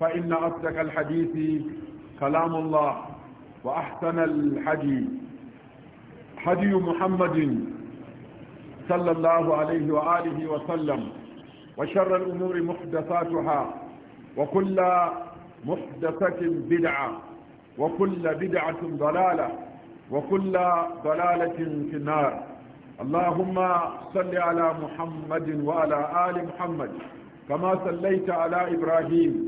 فإن أصدق الحديث كلام الله وأحسن الحدي حدي محمد صلى الله عليه وآله وسلم وشر الأمور محدثاتها وكل محدثة بدعة وكل بدعة ضلالة وكل ضلالة في النار اللهم صل على محمد وعلى آل محمد كما صليت على إبراهيم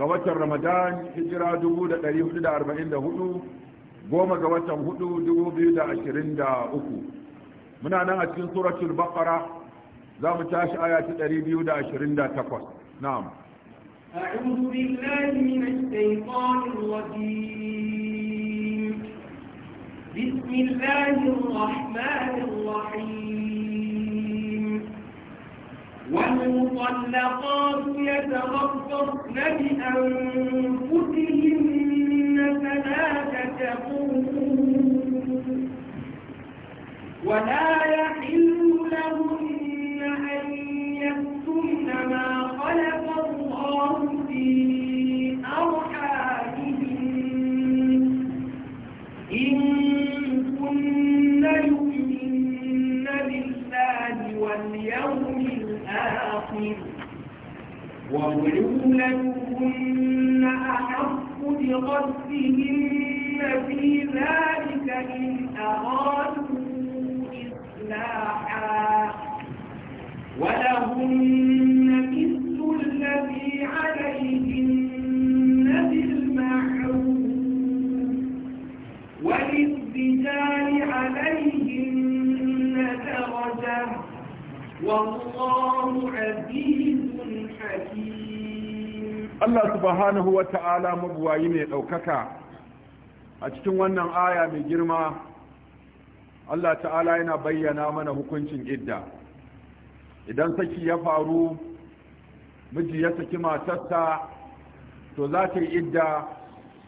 ga watan ramadan hijira 1444 goma ga watan 4223 muna nan a cikin suratul baqara za mu tashi aya ta 228 na'am أعوذ بالله من الشيطان الرجيم بسم الله الرحمن الرحيم والمطلقات يتغفرن بأنفسهن ta'ala mabuwayi mai ɗaukaka a cikin wannan aya mai girma Allah ta'ala yana bayyana mana hukuncin idda idan saki ya faru miji ya saki matarsa to za ta yi idda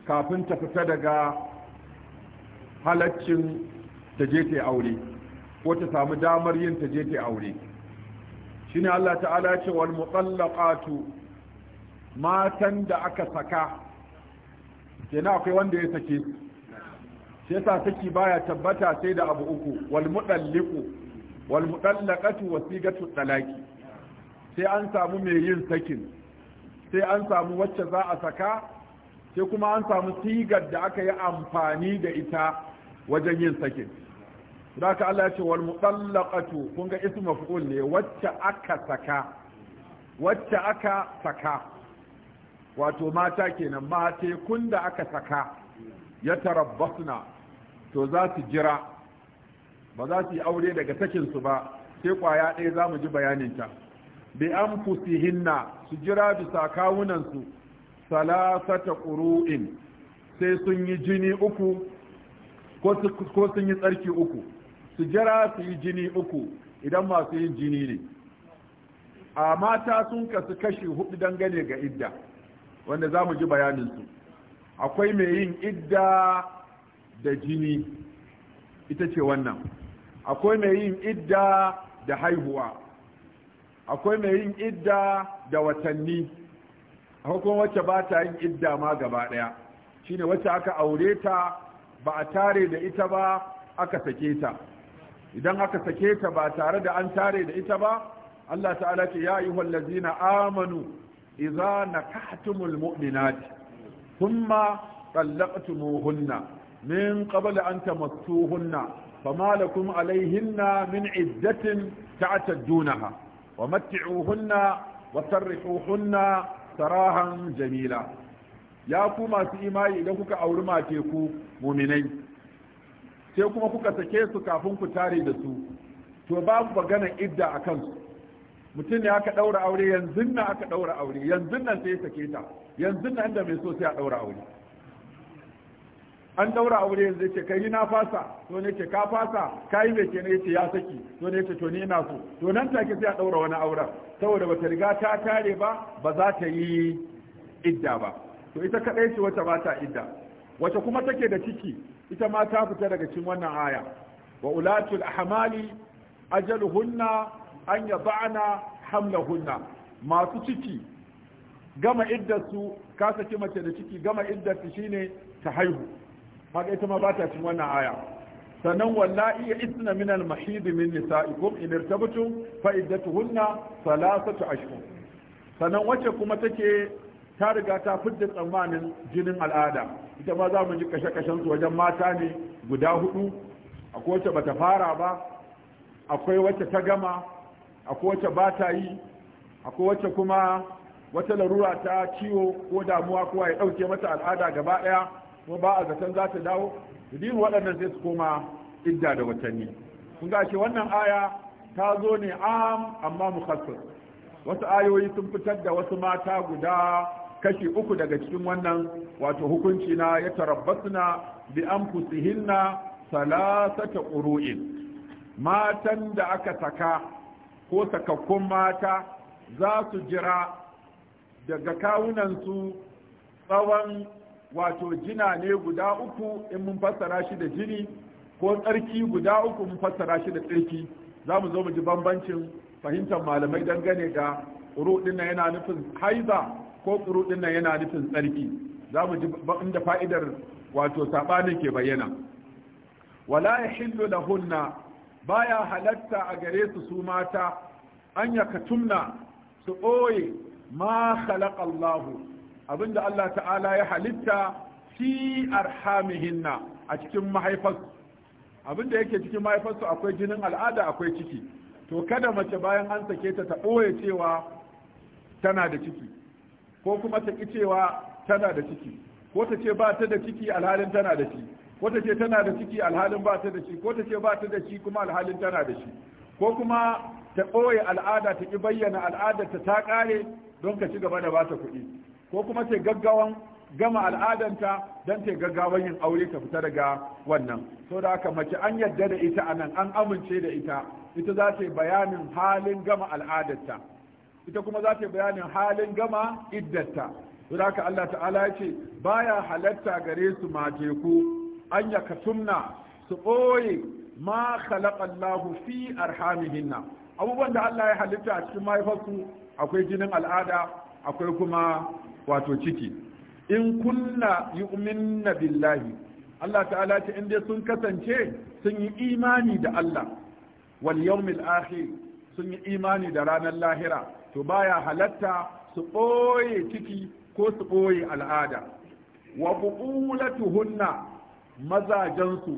kafin ta fita daga halaccin ta je ta aure ko ta samu damar yin ta je ta aure shine Allah ta'ala ce wal mutallaqatu matan da aka saka na akwai wanda ya sake su shi yasa saki baya tabbata sai da abu uku wal mudalliqu wal mudallaqatu wasigatu talaqi sai an samu mai yin sakin sai an samu wacce za a saka sai kuma an samu sigar da aka yi amfani da ita wajen yin sakin haka Allah ya ce wal mudallaqatu kun ga ismu maf'ul ne wacce aka saka wacce aka saka wato mata kenan mate kun da aka saka ya tarabbasna to za su jira ba za su yi aure daga sakinsu ba sai kwaya ɗaya za mu ji ta. bi an fusihinna su jira bisa kawunansu salasata ƙuru'in sai sun yi jini uku ko sun yi tsarki uku su jira su yi jini uku idan masu yin jini ne a mata sun kasu kashi hudu dangane ga idda wanda za mu ji bayaninsu akwai mai yin idda da jini ita ce wannan akwai mai yin idda da haihuwa akwai mai yin idda da watanni akwai kuma wacce ba ta yin idda ma gaba ɗaya shine wacce aka aure ta ba a tare da ita ba aka sake ta idan aka sake ta ba tare da an tare da ita ba Allah ta'ala ce ya ayyuhal amanu iza na kahtumul mu'minat thumma talaqtumuhunna min qabla an tamassuhunna fama lakum alayhinna min iddatin ta'taddunaha wa matti'uhunna wa sarrihuhunna sarahan jamila ya ku masu imani idan kuka auri mace ku mu'minai sai kuma kuka sake su kafin ku tare da su to babu magana idda a kansu. mutum ne aka daura aure yanzu nan aka daura aure yanzu nan sai ya sake ta yanzu nan inda mai so sai a daura aure an daura aure yanzu ce kai na fasa to ne ce ka fasa kai yi ke ne ya saki to ne ce to ni ina so to nan take sai a daura wani auren saboda bata riga ta tare ba ba za ta yi idda ba to ita kadai ce wacce ba ta idda wacce kuma take da ciki ita ma ta fita daga cikin wannan aya wa ulatul ahmali ajaluhunna an ya ba'ana hunna. masu ciki gama iddarsu ka saki mace da ciki gama iddarsu shine ta haihu haka ita ma ba ta cin wannan aya sannan wallahi ya isna min al-mahid min nisa'ikum in irtabtum fa iddatuhunna thalathatu ashhur sannan wace kuma take ta riga ta fidda tsammanin jinin al'ada ita ma za mu ji kashe-kashen su wajen mata ne guda hudu akwai wacce bata fara ba akwai wace ta gama akwai wacce ba ta yi akwai wacce kuma wata larura ta ciwo ko damuwa kowa ya ɗauke mata al'ada gaba ɗaya kuma ba a zaton za dawo dinu waɗannan sai su koma idda da watanni kun ga ce wannan aya ta zo ne am amma mukhassas wasu ayoyi sun fitar da wasu mata guda kashi uku daga cikin wannan wato hukunci na ya tarabbasna bi anfusihinna salasata uru'in matan da aka saka ko sakakkun mata za su jira daga kawunansu tsawon wato jina ne guda uku in mun fassara shi da jini ko tsarki guda uku mun fassara shi da tsarki za mu zo mu ji bambancin fahimtar malamai dangane da ƙuruɗin nan yana nufin haiza ko ƙuruɗin nan yana nufin tsarki za mu ji inda fa'idar wato saɓanin ke bayyana wala ya da lahunna baya halatta a gare su su mata an ya katumna su ɓoye ma khalaqa Allahu abinda Allah ta'ala ya halitta fi arhamihinna a cikin mahaifarsu abinda yake cikin mahaifarsu akwai jinin al'ada akwai ciki to kada mace bayan an sake ta ta ɓoye cewa tana da ciki ko kuma ta ki cewa tana da ciki ko ta ce ba ta da ciki alhalin tana da ciki ko ta ce tana da ciki alhalin ba ta da shi ko ta ce ba ta da shi kuma alhalin tana da shi ko kuma ta ɓoye al'ada ta ki bayyana al'adar ta ta ƙare don ka ci gaba da ta kuɗi ko kuma ta gaggawan gama al'adanta don ta gaggawan yin aure ta fita daga wannan so da haka mace an yadda da ita anan an amince da ita ita za ta yi bayanin halin gama al'adarta ita kuma za ta yi bayanin halin gama iddarta so da haka Allah ta'ala ya ce baya halatta gare su ku. an yakatumna su ɓoye ma khalaqallahu fi arhamihinna abubuwan da Allah ya halitta a cikin mahaifarsu akwai jinin al'ada akwai kuma wato ciki in kunna yu'minna billahi Allah ta'ala ce in dai sun kasance sun yi imani da Allah wal yawmil akhir sun yi imani da ranar lahira to baya halatta su ɓoye ciki ko su ɓoye al'ada wa bu'ulatuhunna mazajensu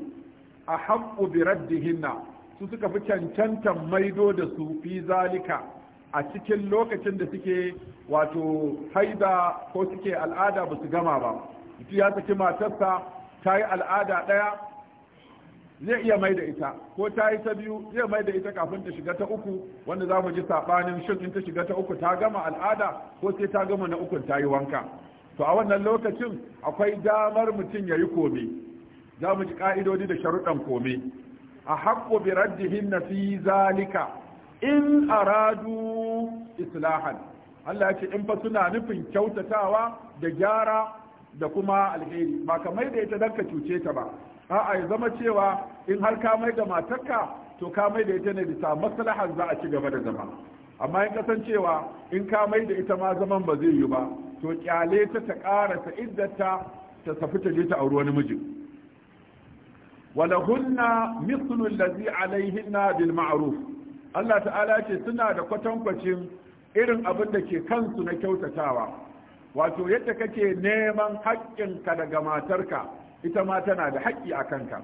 a haƙƙu bi raddihinna su suka fi cancantan maido da su fi zalika a cikin lokacin da suke wato haida ko suke al'ada ba su gama ba mutum ya saki matarsa ta yi al'ada ɗaya zai iya mai da ita ko ta yi ta biyu zai mai da ita kafin ta shiga ta uku wanda za mu ji saɓanin shin in ta shiga ta uku ta gama al'ada ko sai ta gama na ukun ta yi wanka to a wannan lokacin akwai damar mutum ya yi kome za mu ji ƙa'idodi da sharuɗan kome a haƙƙo bi raddihin na fi zalika in radu islahan Allah ce in fa suna nufin kyautatawa da gyara da kuma alheri ba ka mai da ita don ka cuce ta ba a'a ya zama cewa in har ka mai da matarka to ka mai da ita ne bisa maslahar za a ci gaba da zama amma in kasancewa in ka mai da ita ma zaman ba zai yi ba to kyale ta ta ƙara ta iddata ta tafi ta je ta auri wani mijin walahunna مثل الذي alaihinna bil الله Allah ta'ala ce suna da kwatankwacin irin abin da ke kansu na kyautatawa wato yadda kake neman haƙƙinka daga matarka ita ma tana da haƙƙi a kanka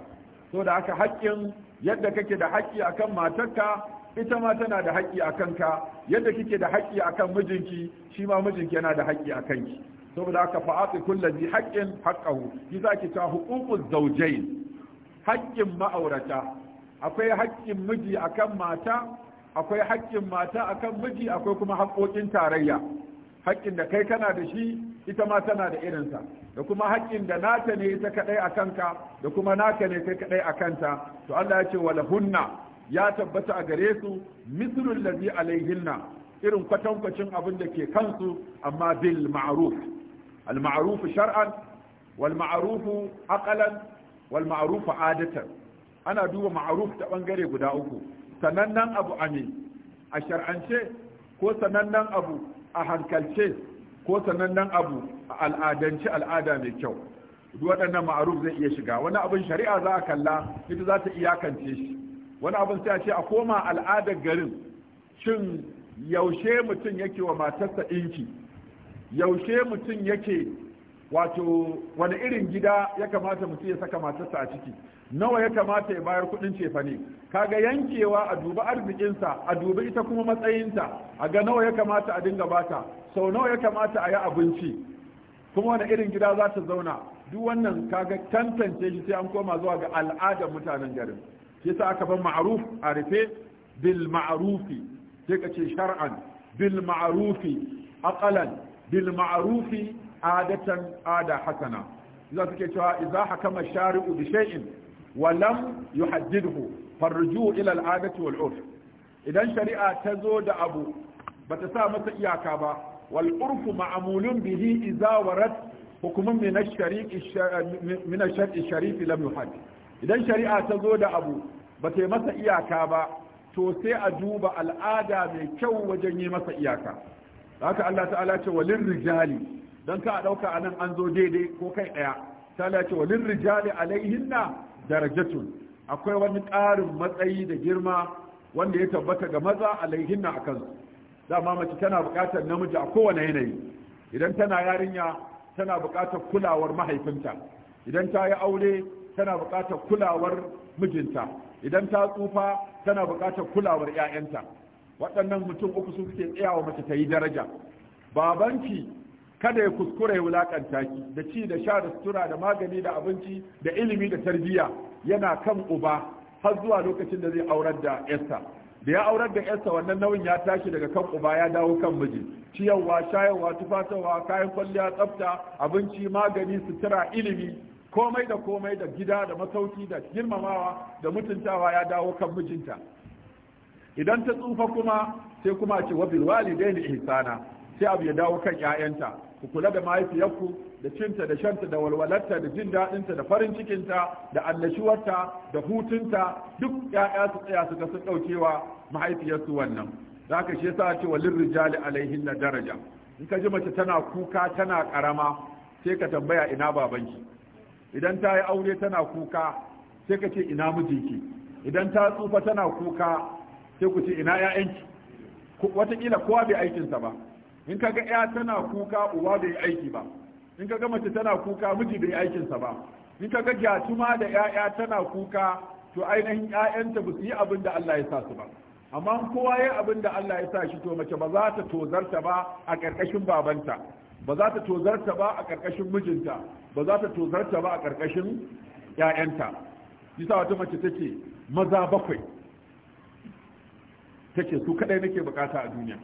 so da haka haƙƙin yadda kake da haƙƙi akan matarka ita ma tana da haƙƙi a kanka yadda kike da haƙƙi akan mijinki shi ma mijinki yana da haƙƙi a kanki saboda haka fa'ati kullazi haqqin haqqahu yasa ki ta huququz zawjayn hakkin ma'aurata akwai haƙƙin miji akan mata akwai haƙƙin mata akan miji akwai kuma haƙƙoƙin tarayya haƙƙin da kai kana da shi ita ma tana da irinsa da kuma haƙƙin da nata ne ita kaɗai a kanka da kuma naka ne kai kaɗai a kanta to Allah ya ce wala hunna ya tabbata a gare su mislul ladhi alaihinna irin kwatankwacin abin da ke kansu amma bil ma'ruf al ma'ruf shar'an wal ma'ruf aqalan wal ma'ruf adatan ana duba ma'ruf ta bangare guda uku sanannen abu amin a shar'ance ko sanannen abu a hankalce ko sanannen abu a al'adance al'ada mai kyau waɗannan ma'aruf zai iya shiga wani abin shari'a za a kalla ita za ta iyakance shi wani abin sai a ce a koma al'adar garin shin yaushe mutum yake wa matarsa ɗinki yaushe mutum yake wato wani irin gida ya kamata mutum ya saka matarsa a ciki nawa ya kamata ya bayar kudin cefane? ne kaga yankewa a duba arzikinsa a duba ita kuma matsayinta a ga nawa ya kamata a dinga bata sau nawa ya kamata a yi abinci kuma wani irin gida za ta zauna duk wannan kaga tantance shi sai an koma zuwa ga al'adar mutanen garin shi sa aka ban ma'ruf a rufe bil ma'arufi. sai ka ce shar'an bil ma'rufi aqalan bil ma'arufi. adatan ada hasana za suke cewa iza hakama shari'u bi shay'in wa lam yuhaddidhu farruju ila al'adati wal urf idan shari'a ta zo da abu bata sa masa iyaka ba wal urfu ma'mulun bihi idza warat hukumun min ash min ash-shar'i sharif lam yuhadd idan shari'a ta zo da abu bata masa iyaka ba to sai a duba al'ada mai kyau wajen yi masa iyaka haka Allah ta'ala ce walin rijali don ka ɗauka a nan an zo daidai ko kai ɗaya ta ce walin rijali alaihinna darajatun akwai wani ƙarin matsayi da girma wanda ya tabbata ga maza na a kansu dama mace tana buƙatar namiji a kowane yanayi idan tana yarinya tana buƙatar kulawar mahaifinta idan ta yi aure tana buƙatar kulawar mijinta idan ta tsufa tana buƙatar kulawar 'ya'yanta waɗannan mutum uku su suke tsayawa mace ta yi daraja babanki kada ya kuskure ya wulakanta ki da ci da sha da sutura da magani da abinci da ilimi da tarbiyya yana kan uba har zuwa lokacin da zai aurar da yarsa da ya aurar da yarsa wannan nauyin ya tashi daga kan uba ya dawo kan miji ciyarwa shayarwa tufatarwa kayan kwalliya tsafta abinci magani sutura ilimi komai da komai da gida da masauki da girmamawa da mutuntawa ya dawo kan mijinta idan ta tsufa kuma sai kuma ce wa bil walidaini ihsana sai abu ya dawo kan 'ya'yanta ku kula da mahaifiyarku da cinta da shanta da walwalarta da jin daɗinta da farin cikinta da annashuwarta da hutunta duk ƴaƴa su tsaya su ga sun ɗaukewa mahaifiyarsu wannan za ka shi yasa cewa lirrijali alaihin na daraja in ka ji mace tana kuka tana ƙarama sai ka tambaya ina babanki idan ta yi aure tana kuka sai ka ce ina mijinki idan ta tsufa tana kuka sai ku ce ina 'ya'yanki wataƙila kowa bai aikinsa ba in ka ga ya tana kuka uwa bai aiki ba in kaga mace tana kuka miji bai aikinsa ba in ka ga gyatuma da 'ya'ya tana kuka to ainihin 'ya'yanta ba su yi abin da Allah ya sa su ba amma kowa ya abin da Allah ya sa shi to mace ba za ta tozarta ba a ƙarƙashin babanta ba za ta tozarta ba a ƙarƙashin mijinta ba za ta tozarta ba a ƙarƙashin ƴaƴanta yasa wata mace take maza bakwai take su kadai nake bukata a duniya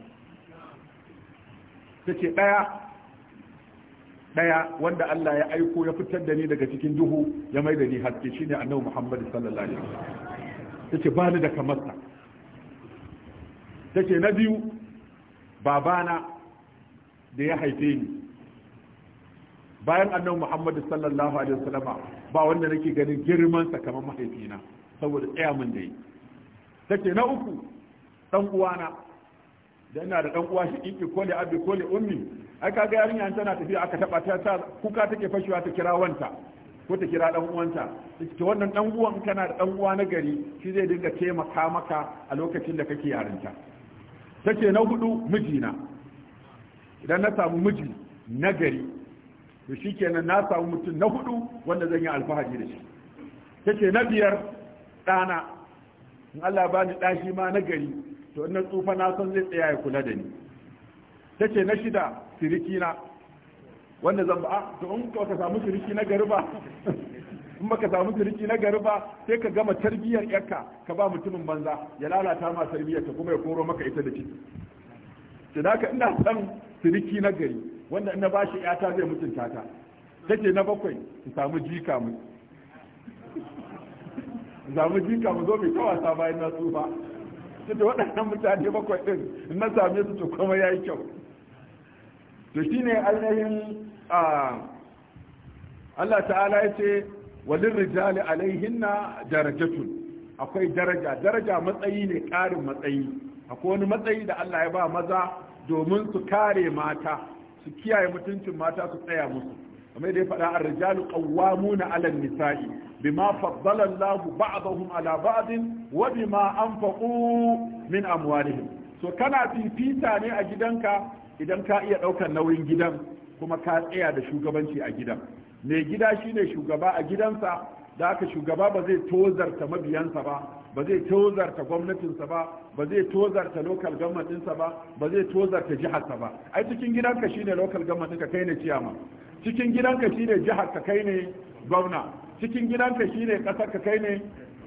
ta ce ɗaya wanda Allah ya aiko ya fitar da ni daga cikin duhu ya mai da ni haske shine annabi Muhammad sallallahu alaihi wasallam tace ba ni da kamarsa tace na biyu babana da ya haife ni bayan annabi Muhammad sallallahu alaihi wasallam ba wanda nake ganin girman sa kamar mahaifina saboda tsaya mun da yi tace na uku dan uwana da ina da dan uwa shi iki ko da abi ko da ummi ai kaga yarinya tana tafiya aka taba ta ta kuka take fashewa ta kira wanta ko ta kira dan uwanta ta wannan dan uwan kana da dan uwa na gari shi zai dinga taimaka maka a lokacin da kake yarinta take na hudu mijina idan na samu miji na gari to shikenan na samu mutum na hudu wanda zan yi alfahari da shi take na biyar ɗana in Allah ba ni ɗashi ma na gari to wannan tsufa na san zai tsaya ya kula da ni ta ce na shida siriki na wanda zan ba ah, to in ka samu siriki na gari ba in baka samu siriki na gari ba sai ka gama tarbiyyar yarka ka ba mutumin banza ya lalata ma tarbiyyar ta kuma ya koro maka ita da ciki to da ina san siriki na gari wanda ina ba shi yata zai mutunta ta ce na bakwai su samu jika mu samu jika mu zo mai kawasa wasa bayan na tsufa da waɗannan mutane bakwai ɗin na same su to kuma ya yi kyau to shi ne ainihin Allah ta'ala ya ce walin rijali alaihinna darajatun akwai daraja daraja matsayi ne ƙarin matsayi akwai wani matsayi da Allah ya ba maza domin su kare mata su kiyaye mutuncin mata su tsaya musu kamar da ya faɗa a rijalu ƙawwamu na an-nisa'i bima faddala Allahu ba'dahum 'ala ba'din wa bima anfaqu min amwalihim so kana fifita ne a gidanka idan ka iya ɗaukar nauyin gidan kuma ka tsaya da shugabanci a gidan mai gida shine shugaba a gidansa da aka shugaba ba zai tozarta mabiyansa ba ba zai tozarta gwamnatinsa ba ba zai tozarta local government ɗinsa ba ba zai tozarta jiharsa ba ai cikin gidanka shine local government ɗinka kai ne ciyama cikin gidanka shine jihar ka kai ne gwamna cikin gidanka shine ƙasar ka kai ne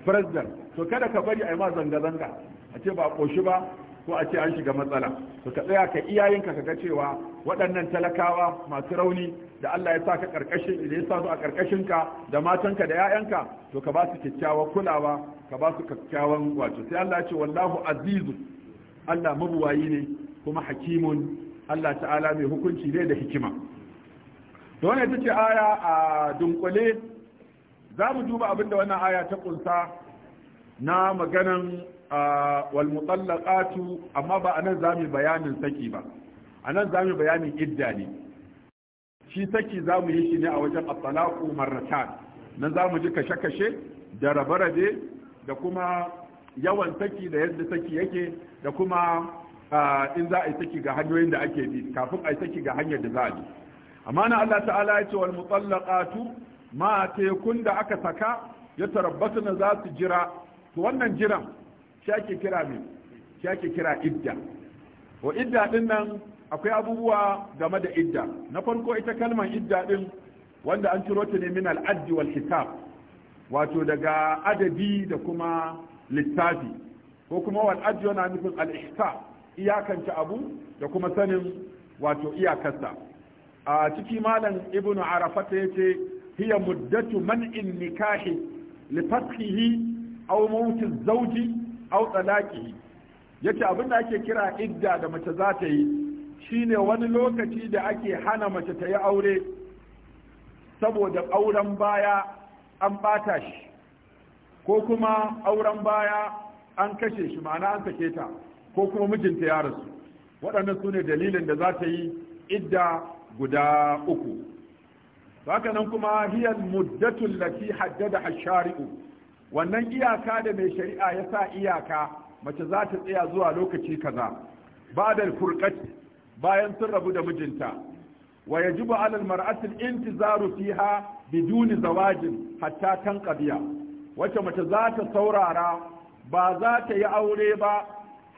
president to kada ka bari a yi ma zanga-zanga a ce ba a ƙoshi ba ko a ce an shiga matsala to ka tsaya ka iyayenka ka ga cewa waɗannan talakawa masu rauni da Allah ya sa ka karkashin da ya sa su a karkashin ka da matanka da 'ya'yanka to ka ba su kyakkyawan kulawa ka ba su kyakkyawan wato sai Allah ya ce wallahu azizu Allah mabuwayi ne kuma hakimun Allah ta'ala mai hukunci ne da hikima to wannan ita ce aya a dunkule za mu duba abin da wannan aya ta kunsa na maganan wal amma ba anan zamu bayanin saki ba anan zamu bayanin idda ne shi saki zamu yi shi ne a wajen at-talaqu marratan nan zamu ji kashe kashe da rabe da kuma yawan saki da yadda saki yake da kuma in za a yi saki ga hanyoyin da ake bi kafin a yi saki ga hanyar da za a bi amma na Allah ta'ala ya ce wal mutallaqatu ma tekun da aka saka ya tarabbatu na za su jira to wannan jiran shi ake kira me shi ake kira idda wa idda din nan akwai abubuwa game da idda na farko ita kalmar idda din wanda an ciro ta ne min al'addi wal hisab wato daga adadi da kuma littafi ko kuma wal addi yana nufin al ihsa iyakance abu da kuma sanin wato iyakarsa a ciki malam ibnu arafat yace hiya muddatu man'in nikahi li fathihi aw mautu zawji aw talaqihi yace abin da ake kira idda da mace za ta yi shine wani lokaci da ake hana mace ta yi aure saboda auren baya an bata shi ko kuma auren baya an kashe shi ma'ana an sake ta ko kuma mijinta ya rasu waɗannan su ne dalilin da za ta yi idda guda uku haka nan kuma hiyar muddatun lati haddada hashari'u wannan iyaka da mai shari'a ya sa iyaka mace za ta tsaya zuwa lokaci kaza ba da furqat bayan sun rabu da mijinta wa yajibu 'ala al-mar'ati intizaru fiha biduni zawajin hatta tanqadiya wace mace za ta saurara ba za ta yi aure ba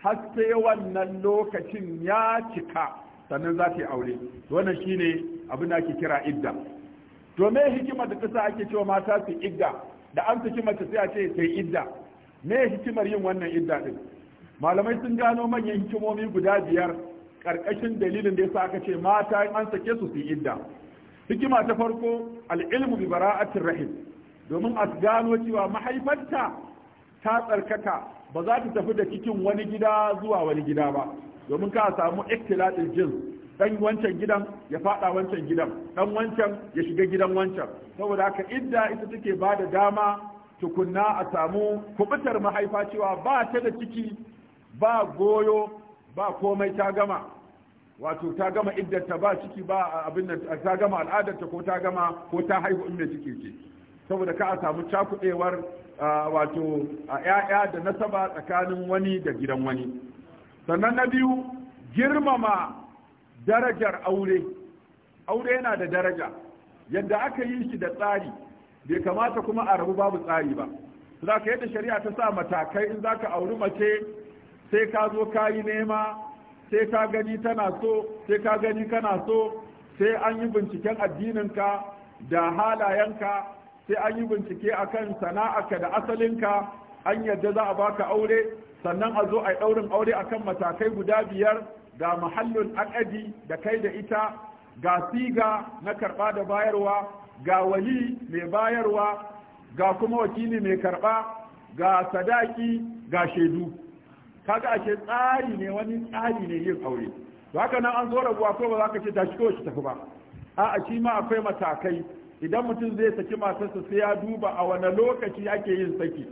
har sai wannan lokacin ya cika sannan za ta yi aure wannan shine abin da ake kira idda to me hikimar da ta sa ake cewa mata su idda da an saki mace sai a ce sai yi idda me hikimar yin wannan idda din malamai sun gano manyan hikimomi guda biyar karkashin dalilin da yasa aka ce mata in an sake su su idda hikima ta farko al'ilmu bi bara'atir rahim domin a gano cewa mahaifarta ta tsarkaka ba za ta tafi da cikin wani gida zuwa wani gida ba domin ka samu ikhtilatul jins dan wancan gidan ya fada wancan gidan dan wancan ya shiga gidan wancan saboda haka idda ita take bada dama tukunna a samu kubutar mahaifa cewa ba ta da ciki ba goyo ba komai ta gama wato ta gama iddata ba ciki ba abin da ta gama al'adarta ko ta gama ko ta haihu in mai ciki ce saboda ka a samu cakuɗewar wato ‘ya'ya da nasaba tsakanin wani da gidan wani sannan na biyu girmama darajar aure aure yana da daraja yadda aka yi shi da tsari bai kamata kuma a rabu babu tsari ba za ka yadda shari'a ta sa matakai in za ka auri mace sai ka zo ka yi nema sai ka gani tana so sai ka gani kana so sai an yi binciken addininka da halayenka sai an yi bincike akan sana'arka da asalinka an yadda za a baka aure sannan a zo a yi ɗaurin aure a kan matakai guda biyar ga mahallin akadi da kai da ita ga siga na karɓa da bayarwa ga wali mai bayarwa ga kuma wakili mai karɓa ga sadaki ga shaidu kaga ashe tsari ne wani tsari ne yin aure to haka nan an zo rabuwa ko ba za ka ce tashi ko shi tafi ba a'a shi ma akwai matakai idan mutum zai saki matarsa sai ya duba a wani lokaci ake yin saki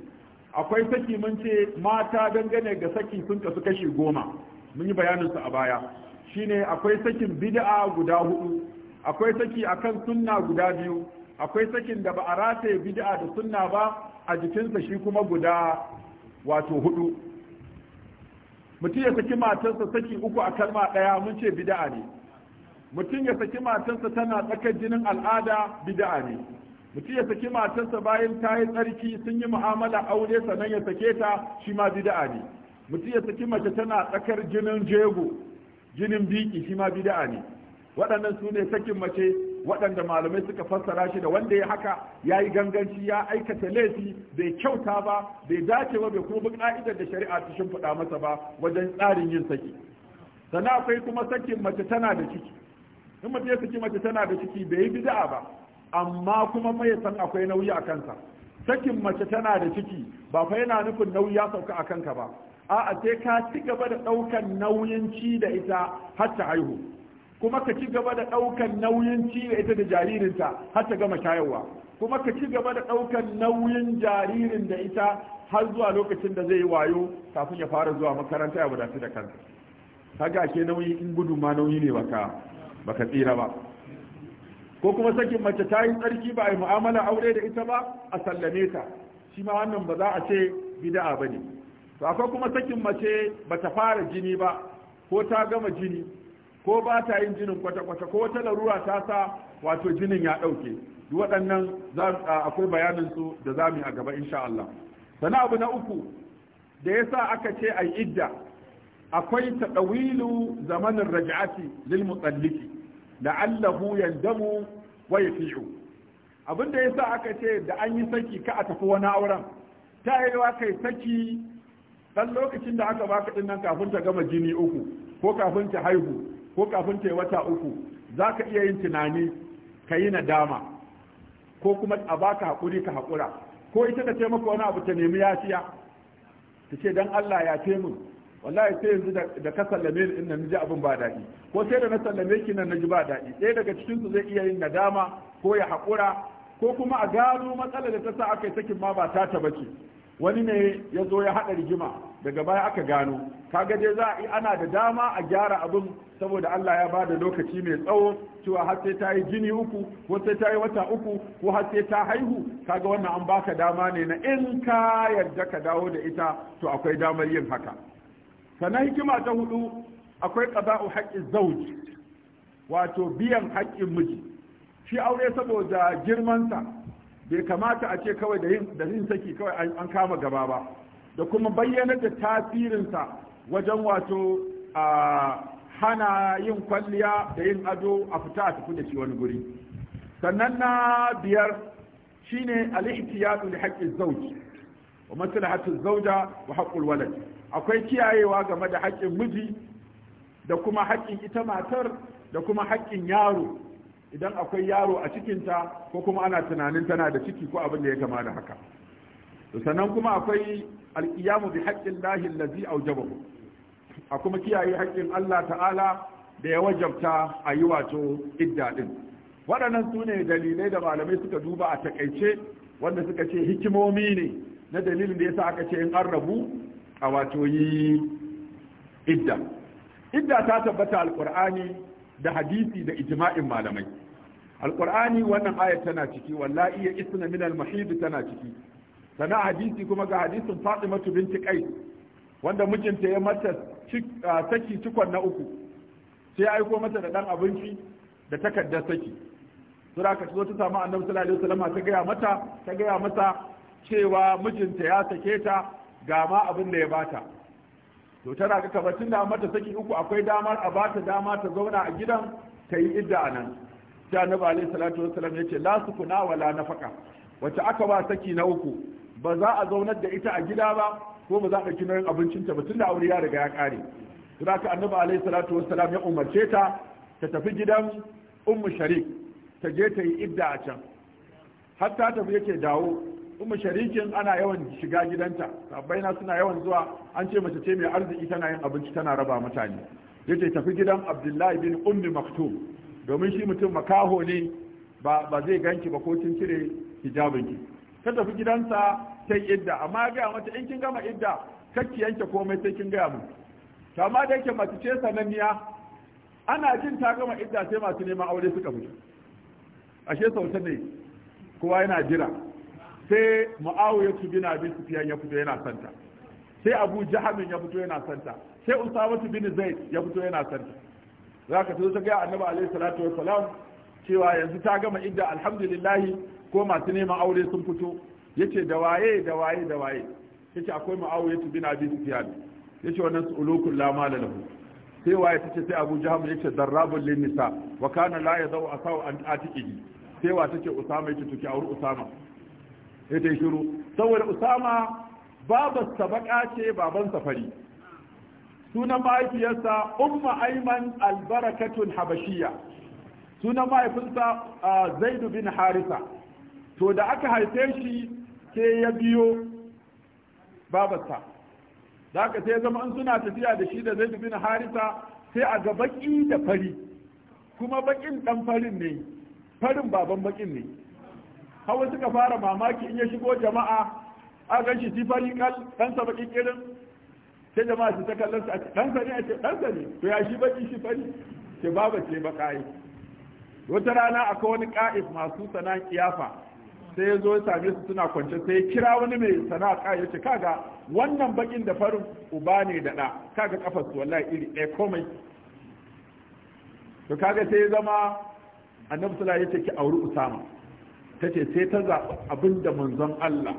akwai saki mun ce mata dangane ga saki sun kasu kashi goma mun yi bayaninsu a baya shine akwai sakin bid'a guda hudu akwai saki akan sunna guda biyu akwai sakin da ba a rataye bid'a da sunna ba a jikinsa shi kuma guda wato hudu mutum ya saki matarsa saki uku a kalma daya mun ce bid'a ne mutum ya saki matarsa tana tsakar jinin al'ada bid'a ne mutum ya saki matarsa bayan ta yi tsarki sun yi mu'amala aure sannan ya sake ta shi ma bid'a ne mutum ya saki mace tana tsakar jinin jego jinin biki shi ma da'a ne waɗannan su ne sakin mace waɗanda malamai suka fassara shi da wanda ya haka ya yi ganganci ya aikata laifi bai kyauta ba bai dace ba bai kuma bi ka'idar da shari'a ta shimfiɗa masa ba wajen tsarin yin saki sannan akwai kuma sakin mace tana da ciki in mace ya saki mace tana da ciki bai yi da'a ba amma kuma mai san akwai nauyi a kansa sakin mace tana da ciki ba fa yana nufin nauyi ya sauka a kanka ba a'a sai ka ci gaba da ɗaukan nauyin ci da ita har ta haihu kuma ka ci gaba da ɗaukan nauyin ci da ita da jaririnta har ta gama shayarwa kuma ka ci gaba da ɗaukan nauyin jaririn da ita har zuwa lokacin da zai yi wayo kafin ya fara zuwa makaranta ya wadatu da kansa kaga ke nauyi in gudun ma nauyi ne baka baka tsira ba ko kuma sakin mace ta yi tsarki ba a yi mu'amala aure da ita ba a sallame ta shi ma wannan ba za a ce bid'a bane to akwai kuma sakin mace ba ta fara jini ba ko ta gama jini ko ba ta yin jinin kwata-kwata ko wata larura ta sa wato jinin ya ɗauke duk waɗannan akwai bayanin su da za a gaba insha Allah sana abu na uku da yasa aka ce a idda akwai tadawilu zamanin raj'ati lil mutalliki allahu yandamu wa yafi'u abin da yasa aka ce da an yi saki ka a tafi wani auren ta yi wa kai saki dan lokacin da aka baka din nan kafin ta gama jini uku ko kafin ta haihu ko kafin ta wata uku za ka iya yin tunani ka yi nadama ko kuma a baka haƙuri ka haƙura ko ita ta taimaka wani abu ta nemi yafiya ta ce dan Allah ya taimu wallahi sai yanzu da ka sallame ni inda ji abin ba daɗi ko sai da na sallame ki nan ji ba daɗi ɗaya daga cikin su zai iya yin nadama ko ya haƙura ko kuma a gano matsalar da ta sa aka yi sakin ma ba ta ta bace wani ne ya zo ya haɗa rigima daga baya aka gano kaga dai za a yi ana da dama a gyara abin saboda Allah ya bada lokaci mai tsawo cewa har sai ta yi jini uku ko sai ta yi wata uku ko har sai ta haihu kaga wannan an baka dama ne na in ka yarda ka dawo da ita to akwai damar yin haka sannan hikima ta hudu akwai qada'u haqqi zawj wato biyan haƙƙin miji shi aure saboda girmansa bai kamata a ce kawai da yin saki kawai an kama gaba ba da kuma bayyanar da tasirinsa wajen wato a hana yin kwalliya da yin ado a fita a tafi da shi wani guri sannan na biyar shine al-ihtiyatu li haqqi zawj wa maslahatu zawja wa haqqul walad akwai kiyayewa game da haƙƙin miji da kuma haƙƙin ita matar da kuma haƙƙin yaro idan akwai yaro a cikinta ko kuma ana tunanin tana da ciki ko abin da ya kama da haka sannan kuma akwai alƙiyamu bi haƙƙin lahi lazi aujabahu a kuma kiyaye haƙƙin Allah ta'ala da ya wajabta a yi wato idda ɗin. waɗannan su ne dalilai da malamai suka duba a takaice wanda suka ce hikimomi ne na dalilin da yasa aka ce in an rabu a wato yi idda idda ta tabbata alƙur'ani da hadisi da ijma'in malamai alqur'ani wannan aya tana ciki wallahi ya isna min almahid tana ciki sana hadisi kuma ga hadisin fatimatu binti qais wanda mijinta ya mata ah, saki cikon na uku sai aiko mata da dan abinci da takarda saki sura ka zo ta samu annabi sallallahu alaihi wasallam ta gaya mata gaya masa cewa mijinta ya sake ta ga ma abin da ya bata to tana ga kabatin da mata saki uku akwai damar a bata dama ta zauna a gidan ta yi idda nan sai annabi alaihi salatu wassalam yace la sukuna wala nafaka wacce aka ba saki na uku ba za a zaunar da ita a gida ba ko ba za a ɗauki nauyin ta ba tunda aure ya riga ya kare don haka annabi alaihi salatu wassalam ya umarce ta ta tafi gidan ummu sharik ta je ta yi idda a can har ta tafi yake dawo ummu sharikin ana yawan shiga gidanta sabbaina suna yawan zuwa an ce mace ce mai arziki tana yin abinci tana raba mutane yace tafi gidan abdullahi bin ummi maktum domin shi mutum makaho ne ba zai ganki ba ko kin cire hijabin ki ta tafi gidansa ta idda amma ga mata in kin gama idda kakki yanke komai sai kin gaya mu to amma da yake mace ce sananniya ana jin ta gama idda sai masu neman aure suka fito ashe sauta ne kowa yana jira sai tubi na bi su sufyan ya fito yana santa sai abu jahamin ya fito yana santa sai usama bin zai ya fito yana santa za ka ta ga annabi alaihi salatu wassalam cewa yanzu ta gama idda alhamdulillah ko masu neman aure sun fito yace da waye da waye da waye yace akwai mu'awiyah bin abi sufyan yace wannan sulukul la mala lahu sai waye tace sai abu jahm yace darrabul lin nisa wa kana la yadau asau an atiqi sai wa tace usama yace to aure usama yace shiru saboda usama babar sabaka ce baban safari sunan mahaifiyarsa umma aiman albarakatul habashiya sunan mahaifinsa uh, zaidu bin harisa to da aka haife shi sai ya biyo babarsa da aka sai zama in suna tafiya da shi da zaidu bin harisa sai a ga baki da fari kuma bakin dan farin ne farin baban bakin ne hawa suka fara mamaki in ya shigo jama'a a ganshi shi fari kal kansa baki kirin sai jama'a su ta kallon su a dan sani a ce dan sani to ya shi baki shi fari ce baba ce ba kayi. wata rana akwai wani ka'if masu sana'an kiyafa sai ya zo ya same su suna kwance sai ya kira wani mai sana'a ka ya ce kaga wannan bakin da farin uba ne da ɗa kaga kafar su wallahi iri ɗaya komai to kaga sai ya zama annabi sallallahu alaihi wasallam ya ce ki auri usama tace sai ta zaɓi abinda da manzon Allah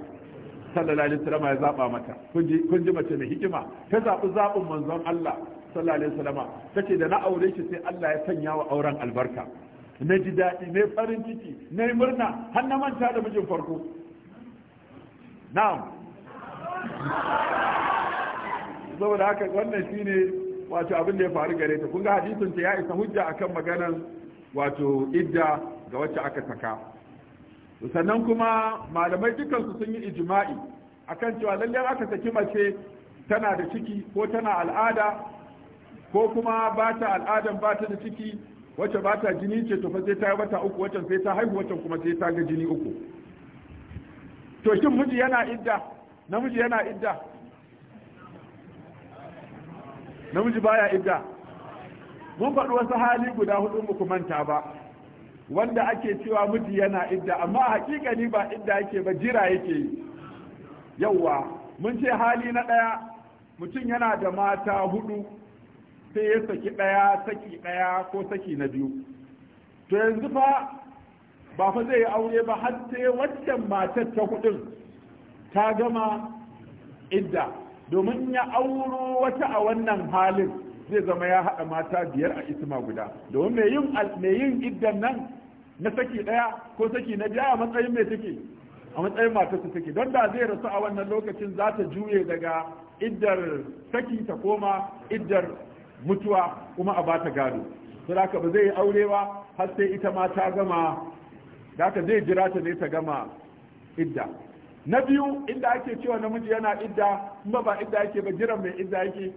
sallallahu alaihi wasallam ya zaba mata kun ji mace mai hikima ta zabi zabin manzon Allah sallallahu alaihi wasallam tace da na aure shi sai Allah ya sanya wa auren albarka na ji daɗi na farin ciki na murna har na manta da mijin farko na'am saboda haka wannan shine wato abin da ya faru gare ta kun ga hadisin ta ya isa hujja akan maganan wato idda ga wacce aka saka sannan kuma malamai dukansu sun yi ijima'i akan cewa lallai aka saki mace tana da ciki ko tana al'ada ko kuma ba ta al'adan ba ta da ciki wacce ba ta jini ce to fa sai ta yi wata uku wacce sai ta haihu wacce kuma sai ta ga jini uku to shin miji yana idda namiji yana idda namiji baya idda mun faɗi wasu hali guda hudu muku manta ba wanda ake cewa miji yana idda amma hakika hakikani ba idda yake ba jira yake yi yauwa mun ce hali na ɗaya mutum yana da mata hudu sai ya saki ɗaya saki ɗaya ko saki na biyu to yanzu fa ba fa zai yi aure ba har sai waccan matar ta hudun ta gama idda domin ya auro wata a wannan halin zai zama ya haɗa mata biyar a isma guda domin mai yin iddan nan na saki daya ko saki na biya a matsayin mai take a matsayin matarsa take don da zai rasu a wannan lokacin za ta juye daga iddar saki ta koma iddar mutuwa kuma a bata gado to haka ba zai aure ba har sai ita ma ta gama haka zai jira ta ne ta gama idda na biyu inda ake cewa namiji yana idda kuma ba idda yake ba jiran mai idda yake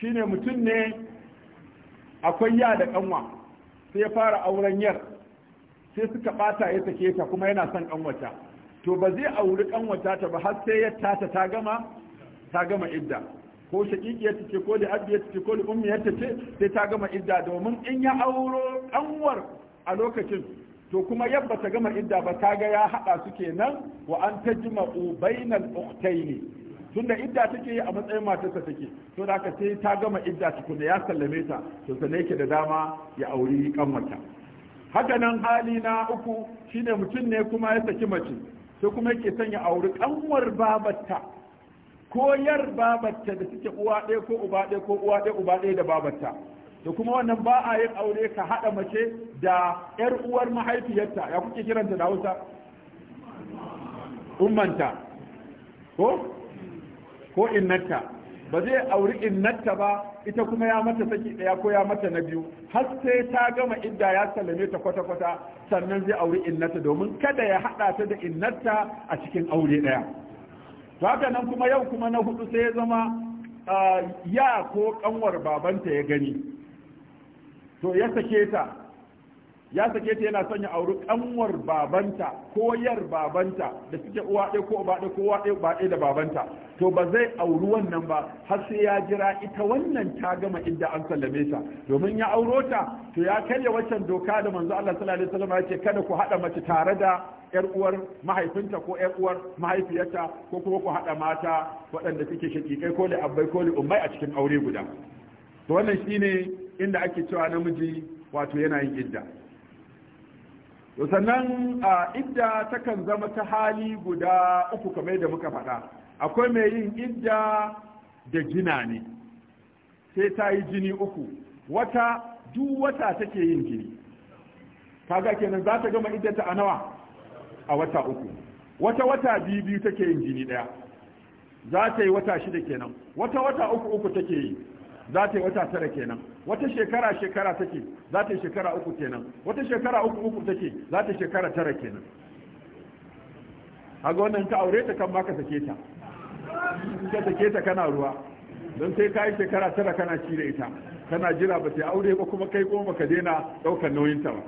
shine mutum ne akwai ya da kanwa sai ya fara auren yar sai suka bata ya sake ta kuma yana son kanwata to ba zai auri kanwata ta ba har sai ya tata ta gama ta gama idda ko shakiki ya ce ko da abiya tace ko da ummi ya ce sai ta gama idda domin in ya auro kanwar a lokacin to kuma yabba ta gama idda ba ta ga ya haɗa su kenan wa an tajma'u bainal ukhtaini tunda idda take yi a matsayin matarsa take to da haka sai ta gama idda tukuna ya sallame ta to sanai yake da dama ya auri kanwata haka nan hali na uku shine mutum ne kuma ya saki mace sai kuma yake sanya auri kanwar babarta yar babarta da suke uwa ɗaya ko uba ɗaya ko uwa ɗaya uba ɗaya da babarta da kuma wannan ba a yin aure ka haɗa mace da yar uwar mahaifiyarta ya kuke kiranta da Hausa ummanta ko ko innarta ba zai auri innarta ba ita kuma ya mata saki ɗaya ko ya mata na biyu har sai ta gama idda ya sallame ta kwata-kwata sannan zai auri innata domin kada ya haɗa ta da innata a cikin aure ɗaya to haka nan kuma yau kuma na hudu sai ya zama ya ko kanwar babanta ya gani to ya sake ta ya sake ta yana son ya auri kanwar babanta ko yar babanta da suke uwa ɗaya ko uba ɗaya ko uwa ɗaya uba ɗaya da babanta to ba zai auri wannan ba har sai ya jira ita wannan ta gama idda an sallame ta domin ya auro ta to ya karya waccan doka da manzo Allah sallallahu alaihi wasallam ya ce kada ku hada mace tare da yar uwar mahaifinta ko yar uwar mahaifiyarta ko kuma ku hada mata waɗanda suke shakikai ko da abbai ko ummai a cikin aure guda to wannan shine inda ake cewa namiji wato yana yin idda to sannan idda takan zama ta hali guda uku kamar da muka faɗa akwai mai yin idda da jina ne sai ta yi jini uku wata duk wata take yin jini kaga kenan za ta gama iddata a nawa a wata uku wata wata biyu biyu take yin jini daya za ta yi wata shida kenan wata wata uku uku take yi za ta yi wata tara kenan wata shekara shekara take za ta yi shekara uku kenan wata shekara uku uku take za ta yi shekara tara kenan haga wannan ta aure ta kan maka sake ta ka ke ta kana ruwa don sai ka yi shekara tara kana ci da ita kana jira ba sai aure ba kuma kai goma ka daina daukar nauyin ta ba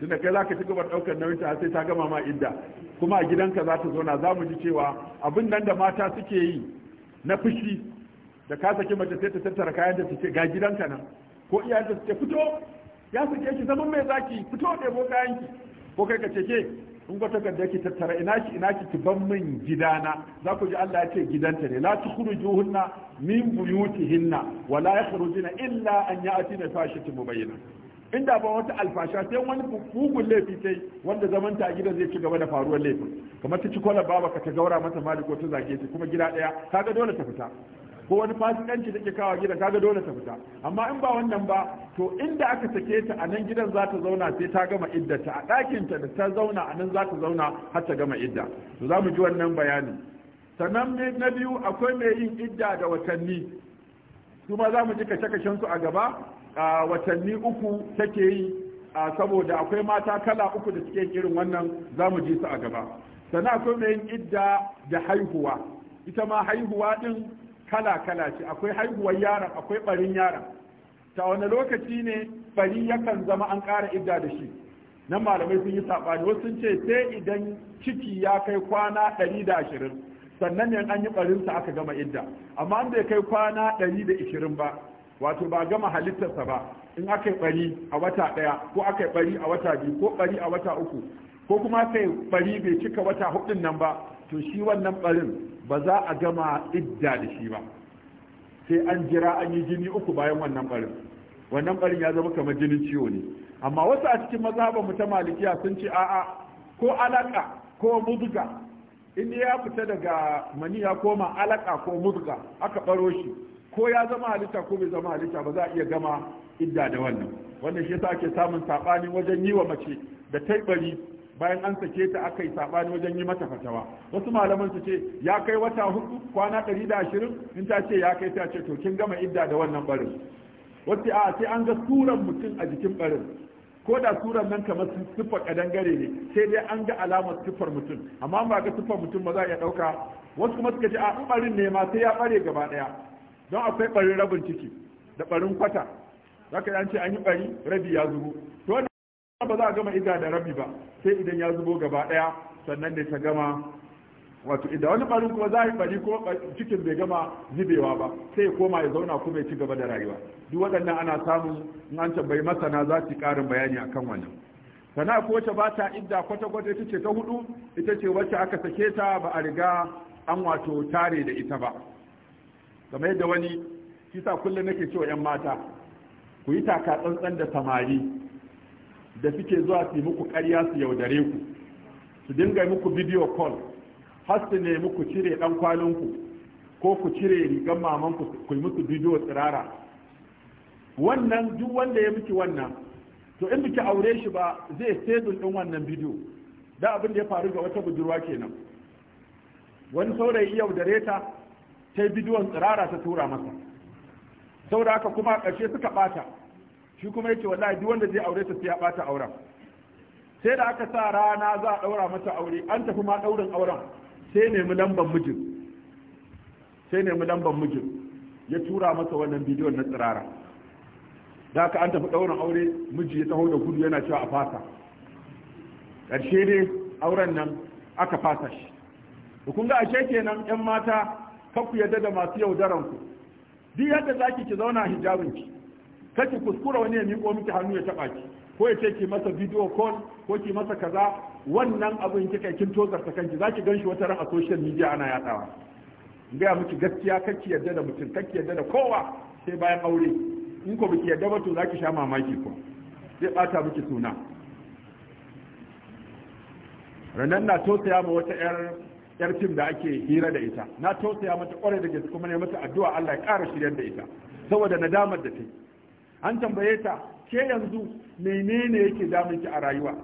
da kai za ka ci gaba ɗaukar nauyin ta sai ta gama ma idda kuma a gidanka za ta zauna za mu ji cewa abin nan da mata suke yi na fushi da ka saki mace sai ta tattara kayan da ce ga gidanka nan ko iyayen da suke fito ya suke ki zaman mai zaki fito da bo kayan ko kai ka ce ke in ga takarda yake tattara ina ki ina ki ki ban min gidana za ku ji Allah ya ce gidanta ne la tukhrujuhunna min buyutihinna wa la yakhrujuna illa an bi fashatin mubayyana inda ba wata alfasha sai wani bugun laifi sai wanda zaman ta a gidan zai ci gaba da faruwar laifin kamar ta ci kwalar baba ka ta gaura mata mali ko ta zage ta kuma gida daya kaga dole ta fita ko wani fasikanci take kawo gida kaga dole ta fita amma in ba wannan ba to inda aka sake ta a nan gidan za ta zauna sai ta gama iddata a ɗakin ta da ta zauna a nan za ta zauna har ta gama idda to za mu ji wannan bayani sannan na biyu akwai mai yin idda da watanni kuma za mu ji kashe-kashen su a gaba a watanni uku take yi saboda akwai mata kala uku da suke irin wannan za mu ji su a gaba sannan akwai mai yin idda da haihuwa ita ma haihuwa din kala kala ce akwai haihuwar yaron akwai barin yaron ta wani lokaci ne bari yakan zama an ƙara idda da shi nan malamai sun yi saɓani wasu sun ce sai idan ciki ya kai kwana ɗari da ashirin sannan ne an yi ɓarinsa aka gama idda amma an bai kai kwana ɗari da ishirin ba wato ba gama halittarsa ba in akai bari ɓari a wata ɗaya ko aka yi a wata biyu ko ɓari a wata uku ko kuma aka bari bai cika wata hudun nan ba to shi wannan barin ba za a gama idda da shi ba sai an jira an yi jini uku bayan wannan barin wannan barin ya zama kamar jinin ciwo ne amma wasu a cikin mazhaban mu ta malikiya sun ce a'a ko alaka ko muzga in ya fita daga mani ya koma alaka ko muzga aka baro shi ko ya zama halitta ko bai zama halitta ba za a iya gama idda da wannan wannan shi yasa ake samun sabani wajen yi wa mace da taibari bayan an sake ta aka yi sabani wajen yi mata fatawa wasu malaman su ce ya kai wata hudu kwana 120 in ta ce ya kai ta ce to kin gama idda da wannan barin wacce a sai an ga suran mutum a jikin barin ko da suran nan kamar siffar kadangare ne sai dai an ga alamar siffar mutum amma ba ga siffar mutum ba za a iya dauka wasu kuma suka ce a barin ne ma sai ya bare gaba daya don akwai barin rabin ciki da barin kwata zaka an ce an yi bari rabi ya zubo ba za a gama iga da rabi ba sai idan ya zubo gaba daya sannan da ta gama wato idan wani barin kuma za a yi bari ko cikin bai gama zubewa ba sai koma ya zauna kuma ya ci gaba da rayuwa duk waɗannan ana samun in an tambayi masana za su karin bayani akan wannan sana ko wacce ba ta idda kwata-kwata ita ce ta hudu ita ce wacce aka sake ta ba a riga an wato tare da ita ba kamar yadda wani sa kullum nake cewa 'yan mata ku yi taka tsantsan da samari da suke zuwa su yi muku karya su yaudare ku su dinga muku video call har su ne muku cire ɗan kwalinku ko ku cire rigar mamanku ku yi musu bidiyo tsirara wannan duk wanda ya miki wannan to in biki aure shi ba zai sedun ɗin wannan bidiyo da abin da ya faru ga wata budurwa kenan wani saurayi yaudare ta ta bidiyon tsirara ta tura masa saura haka kuma a ƙarshe suka ɓata shi kuma yace wallahi duk wanda zai aure ta sai ya bata auren sai da aka sa rana za a daura mata aure an tafi ma daurin auren sai nemi lambar mijin sai nemi lambar mijin ya tura masa wannan bidiyon na tsirara da aka an tafi daurin aure miji ya taho da gudu yana cewa a fasa ƙarshe ne auren nan aka fasa shi da kun ga ashe kenan yan mata kaku yadda da masu yaudaran ku duk yadda zaki ki zauna hijabin ki kake kuskura wani ya miƙo miki hannu ya taɓa ki ko ya ce ki masa video call ko ki masa kaza wannan abin kika kin tozarta kanki zaki ganshi wata ran a social media ana yadawa ga miki gaskiya kake yarda da mutum kake yarda da kowa sai bayan aure in ko biki yarda ba to zaki sha mamaki ko zai bata miki suna ranan na tosaya ma wata yar yar tim da ake hira da ita na tosaya mata kwarai da gaske kuma ne mata addu'a Allah ya ƙara shiryar da ita saboda nadamar da ta an tambaye ta ke yanzu menene yake damunki a rayuwa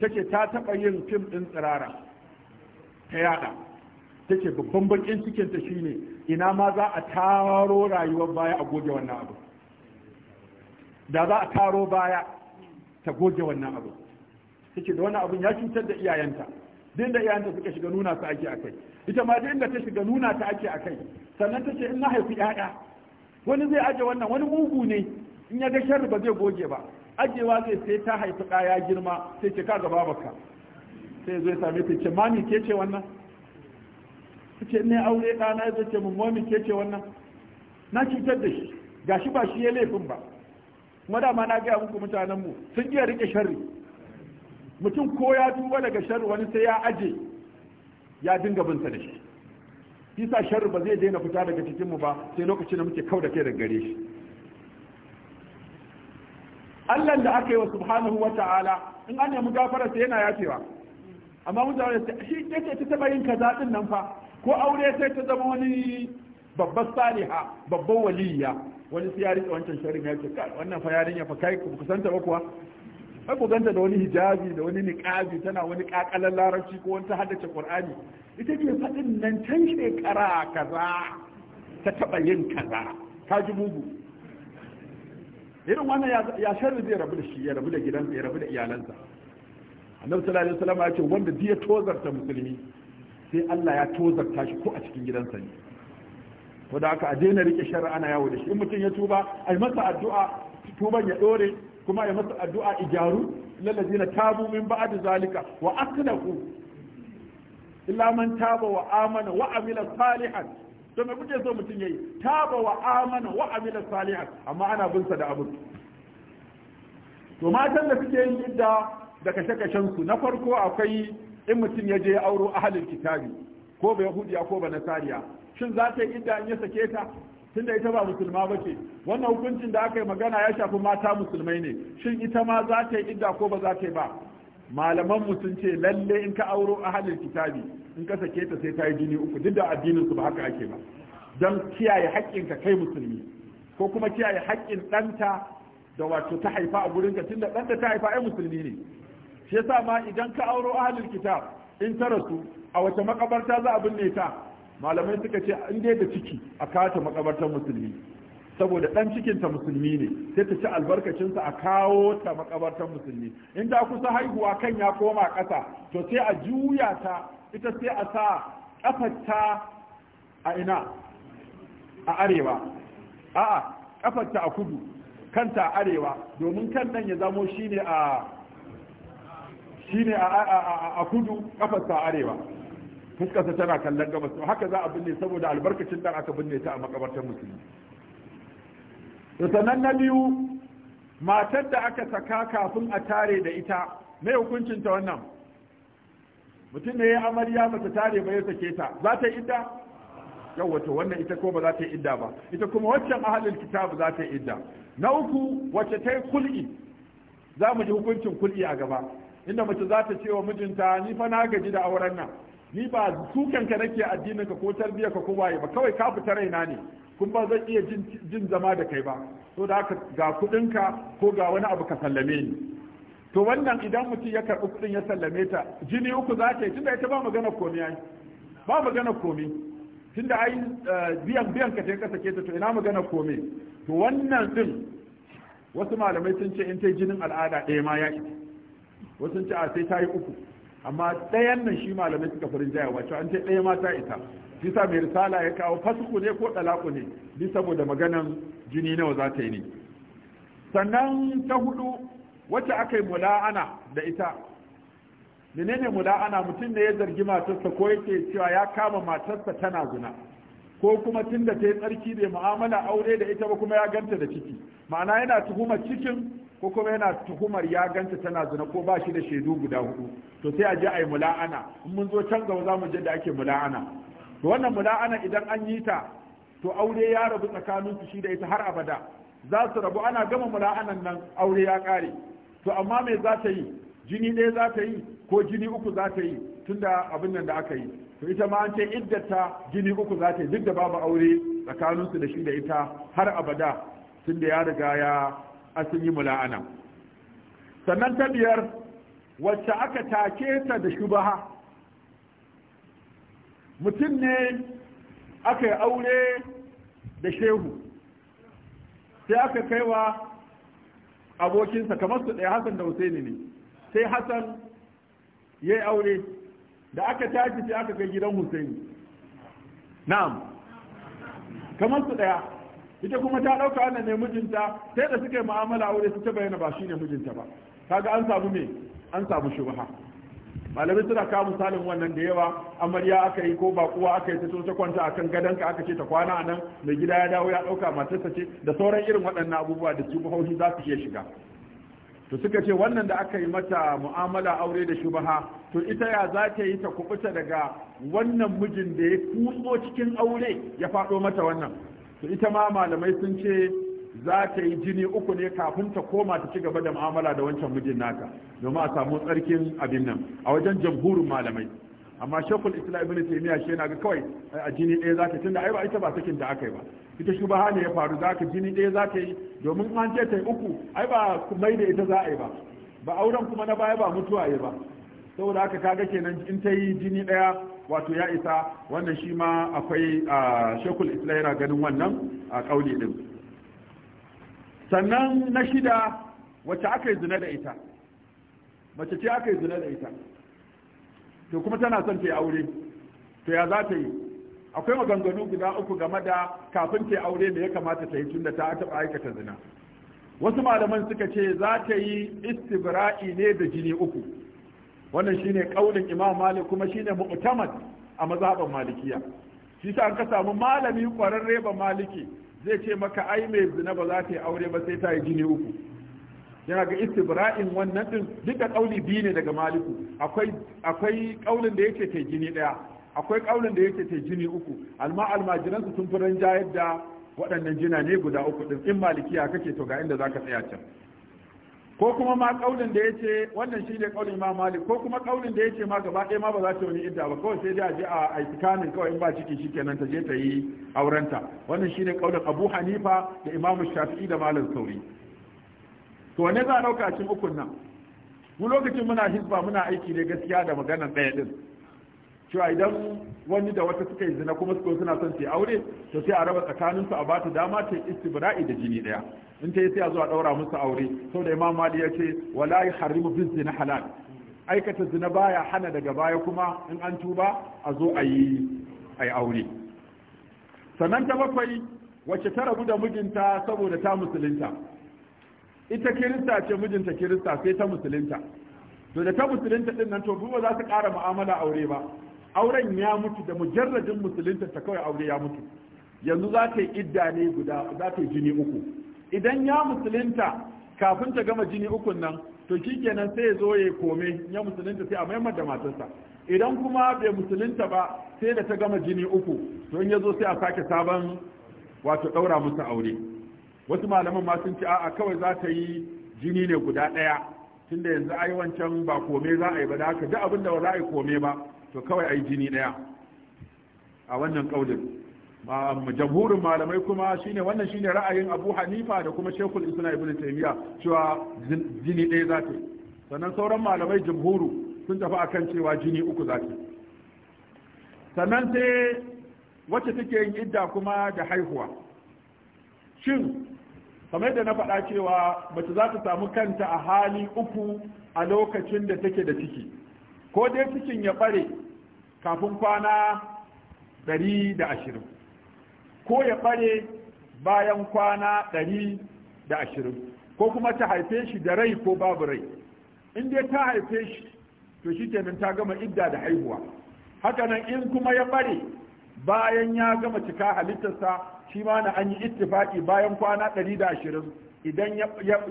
take ta taba yin fim din tsirara ta yada take babban bakin cikin ta shine ina ma za a taro rayuwar baya a goge wannan abu da za a taro baya ta goge wannan abu take da wannan abin ya cutar da iyayenta din da iyayenta suka shiga nuna su ake akai ita ma din da ta shiga nuna ta ake akai sannan tace in na haifi 'ya'ya wani zai aje wannan wani mugu ne in ya ga sharri ba zai goge ba ajewa zai sai ta haifi kaya girma sai ce ka ga sai zai same ta ce mami ke ce wannan ce ne aure ɗana ya ce mun mami ke ce wannan na cutar da shi gashi ba shi ya laifin ba kuma dama na gaya muku mutanen mu sun iya rike sharri mutum ko ya duba daga sharri wani sai ya aje ya dinga binta da shi yasa sharri ba zai daina fita daga cikinmu mu ba sai lokacin da muke kau da kai daga gare shi Allah da aka yi wa subhanahu wa ta'ala in an nemi gafarar sa yana yafewa amma mutane shi take ta taba yin kaza din nan fa ko aure sai ta zama wani babbar saliha babban waliya wani sai ya rike wancan sharrin ya ce wannan fa yarinya fa kai ku kusanta ba kuwa ai ku ganta da wani hijabi da wani niqabi tana wani kakalan larabci ko wani ta haddace qur'ani ita ce fadin nan can shekara kaza ta taba yin kaza ta ji mugu irin wannan ya sharri zai rabu da shi ya rabu da gidansa ya rabu da iyalansa annabi sallallahu alaihi wasallam ya ce wanda zai tozarta musulmi sai Allah ya tozarta shi ko a cikin gidansa ne to da aka a daina rike shara ana yawo da shi in mutum ya tuba a yi masa addu'a tuban ya dore kuma ya masa addu'a ijaru na tabu min ba'd zalika wa aslahu illa man taba wa amana wa amila salihan to me kuke so mutum yayi taba wa amana wa amila salihan amma ana bin sa da abun. to matan da suke yin idda da kashe-kashen su na farko akwai in mutum ya je auro ahalin kitabi ko ba yahudiya ko ba nasariya shin za ta yi idda in ya sake ta tunda ita ba musulma ba ce wannan hukuncin da aka yi magana ya shafi mata musulmai ne shin ita ma za ta yi idda ko ba za ta yi ba malaman mu sun ce lalle in ka auro ahalin kitabi in ka sake ta sai ta yi jini uku duk da addinin su ba haka ake ba don kiyaye haƙƙin ka kai musulmi ko kuma kiyaye haƙƙin ɗanta da wato ta haifa a gurinka tunda ɗanta ta haifa ai musulmi ne shi yasa ma idan ka auro ahlul kitab in ta rasu a wace makabarta za a binne ta malamai suka ce in dai da ciki a kawo makabartar musulmi saboda dan ta musulmi ne sai ta ci albarkacin sa a kawo ta makabartar musulmi in ta kusa haihuwa kan ya koma ƙasa to sai a juya ta ita sai a sa kafarta a ina a arewa a'a kafarta a kudu kanta a arewa domin kan nan ya zamo shine a shine a kudu kafarta a arewa fuskarsa tana kallon gabas to haka za a binne saboda albarkacin dan aka binne ta a makabartar musulmi to sanan na biyu matar da aka saka kafin a tare da ita mai hukuncin ta wannan mutum ne ya amarya mata tare ba ya sake ta za ta yi idda yawa to wannan ita ko ba za ta yi idda ba ita kuma waccan ahalin kitabu za ta yi idda na uku wacce ta yi kul'i za mu ji hukuncin kul'i a gaba inda mace za ta ce wa mijinta ni fa na gaji da auren nan ni ba ka nake addinin ka ko tarbiyyar ka ko waye ba kawai ka fita raina ne kun ba zan iya jin zama da kai ba to da haka ga ka ko ga wani abu ka sallame ni to wannan idan mutum ya karɓi kuɗin ya sallame ta jini uku za ta yi tunda ita ba magana komi ai ba magana komi tunda ai eh, biyan biyan ka ta sake ta to ina magana komi to wannan din wasu malamai sun ce in ta jinin al'ada ɗaya ma ya ita wasu ce a sai ta yi uku amma ɗayan nan shi malamai suka farin jaya wato an ce ɗaya ma ta ita bisa mai risala ya kawo fasuku ne ko ɗalaku ne bisa saboda maganan jini nawa za ta yi ne sannan ta hudu wacce aka yi mula'ana da ita menene mula'ana mutum ne ya zargi matarsa ko yake cewa ya kama matarsa tana zina ko kuma tun da ta yi tsarki bai mu'amala aure da ita ba kuma ya ganta da ciki ma'ana yana tuhumar cikin ko kuma yana tuhumar ya ganta tana zina ko ba shi da shaidu guda hudu to sai a je a yi mula'ana in mun zo can gaba za mu je da ake mula'ana to wannan mula'ana idan an yi ta to aure ya rabu tsakanin su shi da ita har abada za su rabu ana gama mula'anan nan aure ya kare to amma me za ta yi jini ɗaya za ta yi ko jini uku za ta yi tunda abin nan da aka yi to ita ma an ce iddata jini uku za ta yi duk da babu aure tsakaninsu da shi da ita har abada tunda ya riga ya asin yi mula'ana sannan ta biyar wacce aka take ta da shubaha mutum ne aka yi aure da shehu sai aka kaiwa abokinsa kamar su ɗaya Hassan da Husaini ne sai Hassan ya yi aure da aka tashi sai aka kai gidan Husaini na'am kamar su ɗaya ita kuma ta ɗauka wannan ne mijinta sai da suka yi mu'amala aure su ta bayyana ba shi ne mijinta ba kaga an samu me an samu shubha malamai suna kawo misalin wannan da yawa amarya aka yi ko kuwa aka yi ta ta kwanta akan ka aka ce ta kwana a nan mai gida ya dawo ya ɗauka matarsa ce da sauran irin waɗannan abubuwa da su shubuhohi za su iya shiga to suka ce wannan da aka yi mata mu'amala aure da shubaha to ita ya za ta yi ta kubuta daga wannan mijin da ya kutso cikin aure ya faɗo mata wannan to ita ma malamai sun ce za ta yi jini uku ne kafin ta koma ta ci gaba da mu'amala da wancan mijin naka domin a samu tsarkin abin nan a wajen jamhurin malamai amma shekul islam ibn taymiya shi yana ga kawai a jini ɗaya za ta tunda ai ba ita ba sakin da aka ba ita ba ne ya faru za ka jini ɗaya za ta yi domin an ce ta yi uku ai ba mai da ita za a yi ba ba auren kuma na baya ba mutuwa yi ba saboda haka kaga kenan in ta yi jini ɗaya wato ya isa wannan shi ma akwai ah, shekul islam yana ganin wannan a kauli din sannan na shida wacce aka yi zina da ita mace ce aka yi zina da ita to kuma tana son ta yi aure to ya za ta yi akwai maganganu guda uku game da kafin ta yi aure da ya kamata ta yi tun da ta taɓa aikata zina wasu malaman suka ce za ta yi istibra'i ne da jini uku wannan shine ƙaunin imam malik kuma shine mu'tamad a mazhaban malikiya shi sa an ka samu malami kwararre ba maliki zai ce maka ai mai zina ba za ta yi aure ba sai ta yi jini uku yana ga istibra'in wannan din duka kauli biyu ne daga maliku akwai akwai kaulin da yake ta jini daya akwai kaulin da yake ta jini uku alma almajiran su sun furan da waɗannan jina ne guda uku din in malikiya kake to ga inda zaka tsaya can ko kuma ma kaulin da yace wannan shi ne kaulin Imam Malik ko kuma kaulin da yace ma gaba ɗaya ma ba za ta wani idda ba kawai sai dai a je a aitikanin kawai in ba ciki shikenan ta je ta yi aurenta wannan shi ne kaulin Abu Hanifa da Imam Shafi'i da Malam Sauri to ne za a dauka cikin ukun nan mu lokacin muna hisba muna aiki ne gaskiya da maganar ɗaya din cewa idan wani da wata suka yi zina kuma suka suna son su aure to sai a raba tsakanin su a bata dama ta istibra'i da jini daya in ta yi sai a zo a daura musu aure Sau da imam mali ya ce wala harimu bin zina halal aikata zina baya hana daga baya kuma in an tuba a zo a yi aure sannan ta bakwai wacce ta rabu da mijinta saboda ta musulunta ita kirista ce mijinta kirista sai ta musulunta to da ta musulunta din nan to ba za su ƙara mu'amala aure ba auren ya mutu da mujarradin musulunta ta kawai aure ya mutu yanzu za ta yi idda ne guda za ta yi jini uku idan ya musulunta kafin ta gama jini ukun nan to shikenan sai ya zo ya kome ya musulunta sai a maimar da matarsa idan kuma bai musulunta ba sai da ta gama jini uku to in ya zo sai a sake sabon wato ɗaura musu aure wasu malaman ma sun ci a'a kawai za ta yi jini ne guda ɗaya tunda yanzu ai wancan ba kome za a yi ba da haka duk abin da ba za a yi kome ba to kawai ai jini daya a wannan kaulin jamhurin malamai kuma shine wannan shine ra'ayin Abu Hanifa da kuma Sheikhul Islam Ibn Taymiyyah cewa jini daya za ta sannan sauran malamai jamhuru sun tafi akan cewa jini uku za ta sannan sai wacce take yin idda kuma da haihuwa shin kamar da na faɗa cewa mace za ta samu kanta a hali uku a lokacin da take da ciki ko dai cikin ya bare kafin kwana 120 ko ya bare bayan kwana 120 ko kuma ta haife shi da rai ko babu rai in dai ta haife shi to shi kenan ta gama idda da haihuwa hakanan in kuma ya bare bayan ya gama cika halittarsa shi ma na an yi ittifaki bayan kwana 120 idan ya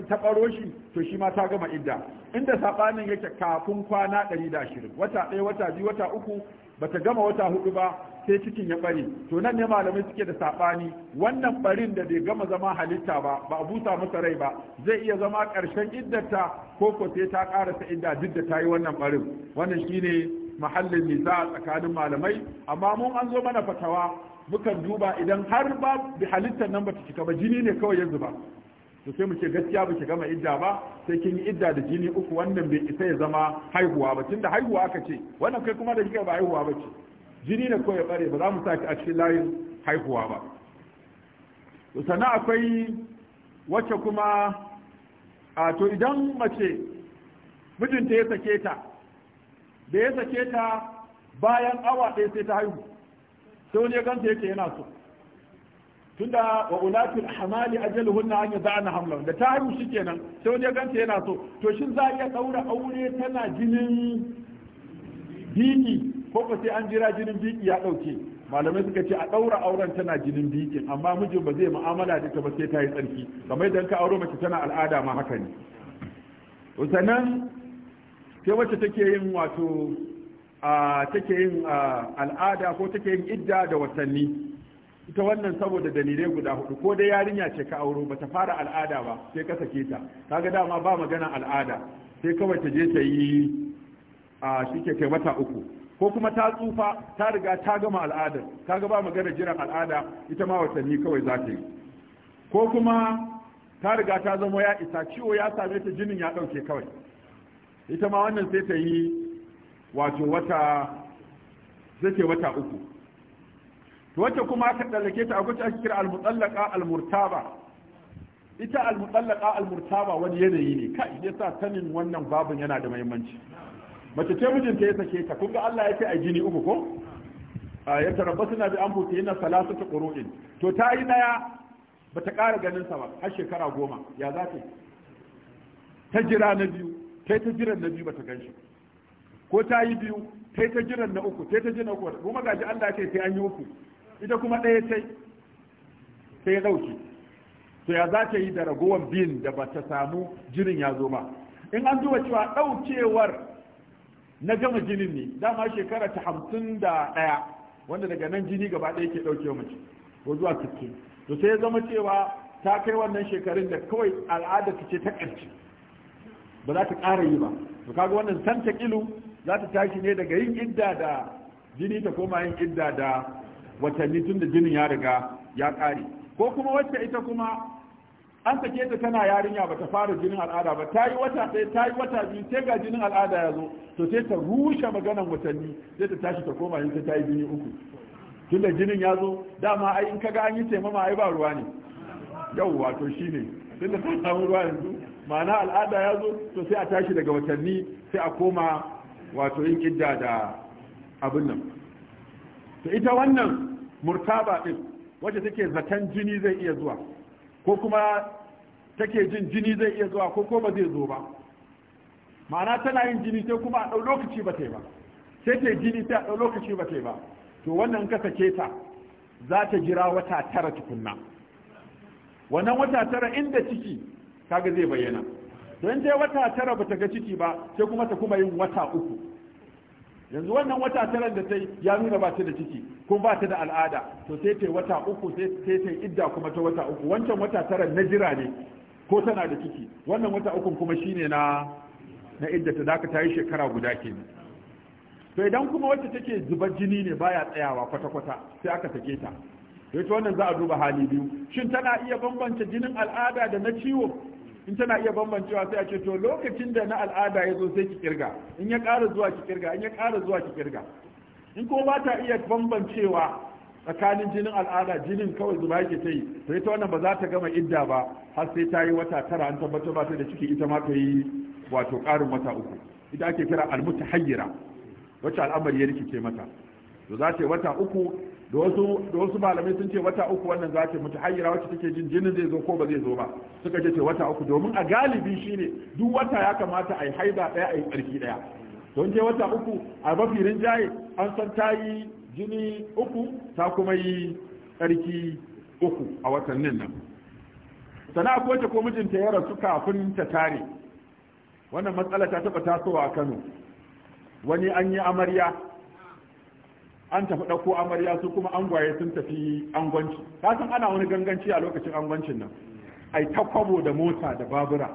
taɓaro shi to shi ma ta gama idda inda saɓanin yake kafin kwana 120 wata ɗaya wata biyu wata uku bata gama wata hudu ba sai cikin ya bari to nan ne malamai suke da saɓani wannan barin da bai gama zama halitta ba ba a busa masa rai ba zai iya zama ƙarshen iddata ko ko sai ta ƙarasa idda duk da ta yi wannan barin wannan shine mahallin nisa tsakanin malamai amma mun an zo mana fatawa mukan duba idan har ba halittar nan bata cika ba jini ne kawai ya ba. to sai mu ce gaskiya ba gama idda ba sai kin yi idda da jini uku wannan bai isa ya zama haihuwa ba tunda haihuwa aka ce wannan kai kuma da kika ba haihuwa ba ce jini ne ko ya bare ba za mu saki a cikin layin haihuwa ba to sannan akwai wacce kuma a to idan mace mijinta ya sake ta da ya sake ta bayan awa ɗaya sai ta haihu sai wani ya ganta yake yana so tunda wa ulatul hamali ajaluhunna an yada'na hamla, da ta haihu shikenan sai wani ya ganta yana so to shin za a iya daura aure tana jinin biki ko ko sai an jira jinin biki ya dauke malamai suka ce a daura auren tana jinin biki amma mijin ba zai mu'amala da ita ba sai ta yi tsarki kamar idan ka auro mace tana al'ada ma haka ne sanan sai wacce take yin wato a take yin al'ada ko take yin idda da watanni ita wannan saboda dalilai guda hudu ko dai yarinya ce ka auro bata fara al'ada ba sai ka sake ta kaga dama ba magana al'ada sai kawai ta je ta yi a shike kai wata uku ko kuma ta tsufa ta riga ta gama al'adar kaga ba magana jiran al'ada ita ma watanni kawai za ta yi ko kuma ta riga ta zama ya isa ciwo ya same ta jinin ya dauke kawai ita ma wannan sai ta yi wato wata zai wata uku to wacce kuma aka tsallake ta a guce ake kira al-mutallaqa al-murtaba ita al-mutallaqa al-murtaba wani yanayi ne kai sa sanin wannan babun yana da muhimmanci mace ce mijinta ya sake ta kun ga Allah ya ce a jini uku ko ya tarabbasu na bi an buke yana salatu ta to ta yi daya ba ta ƙara ganin sa ba har shekara goma ya za ta ta jira na biyu kai ta jiran na biyu ba ta gan shi ko ta yi biyu kai ta jiran na uku kai ta jiran na uku kuma gaji Allah ya ce sai an yi uku ita kuma ɗaya ta sai ya ɗauki to ya za ta yi da ragowar bin da ba ta samu jinin ya zo ba in an duba cewa ɗaukewar na gama jinin ne dama shekara ta hamsin da ɗaya wanda daga nan jini gaba ɗaya ke ɗaukewa mace ko zuwa sittin to sai ya zama cewa ta kai wannan shekarun da kawai al'ada ta ce ta ƙarshe ba za ta ƙara yi ba to kaga wannan santa ilu za ta tashi ne daga yin idda da jini ta koma yin idda da watanni tun da jinin ya riga ya ƙare ko kuma wacce ita kuma an sake ta tana yarinya bata fara jinin al'ada ba ta yi wata sai ta yi wata biyu sai ga jinin al'ada ya zo to sai ta rushe maganan watanni sai ta tashi ta koma yin ta yi jini uku tun da jinin ya zo dama ai in kaga an yi taimama ai ba ruwa ne yau wato shine tun da ta samu ruwa yanzu ma'ana al'ada ya zo to sai a tashi daga watanni sai a koma wato yin idda da abin nan to ita wannan murtaba din wacce take zaton jini zai iya zuwa ko kuma take jin jini zai iya zuwa ko kuma ba zai zo ba ma'ana tana yin jini sai kuma a ɗau lokaci ba ta ba sai ta jini sai a ɗau lokaci ba ta ba to wannan ka sake ta za ta jira wata tara tukunna wannan wata tara inda ciki kaga zai bayyana don dai wata tara ba ta ga ciki ba sai kuma ta kuma yin wata uku yanzu wannan wata tara da tai ya nuna ba ta da ciki ko ba ta da al'ada to sai ta wata uku sai ta idda kuma ta wata uku wancan wata tara na jira ne ko tana da ciki wannan wata uku kuma shine na na idda ta zaka ta yi shekara guda ne to idan kuma wacce take zuba jini ne baya tsayawa kwata kwata sai aka sake ta to wannan za a duba hali biyu shin tana iya bambance jinin al'ada da na ciwo in tana iya bambancewa sai a ce to lokacin da na al'ada ya zo sai ki kirga in ya ƙara zuwa ki kirga in ya ƙara zuwa ki kirga in ko ba ta iya bambancewa tsakanin jinin al'ada jinin kawai zuba yake ta yi to ita wannan ba za ta gama idda ba har sai ta yi wata tara an tabbatar ba ta da ciki ita ma ta yi wato ƙarin wata uku ita ake kira almutahayyira wacce al'amari ya rikice mata to za ta yi wata uku da wasu malamai sun ce wata uku wannan za ta mutu hayyara wacce take jin jinin zai zo ko ba zai zo ba suka ce wata uku domin a galibi shine duk wata ya kamata a yi haida daya a yi tsarki daya don je wata uku a mafi rinjaye an san ta yi jini uku ta kuma yi tsarki uku a watannin nan sana ko ta ko mijinta ya rasu kafin ta tare wannan matsala ta taba tasowa a kano wani an yi amarya an tafi ɗauko amarya su kuma angwaye sun tafi angwanci ka san ana wani ganganci a lokacin angwancin nan ai ta kwabo da mota da babura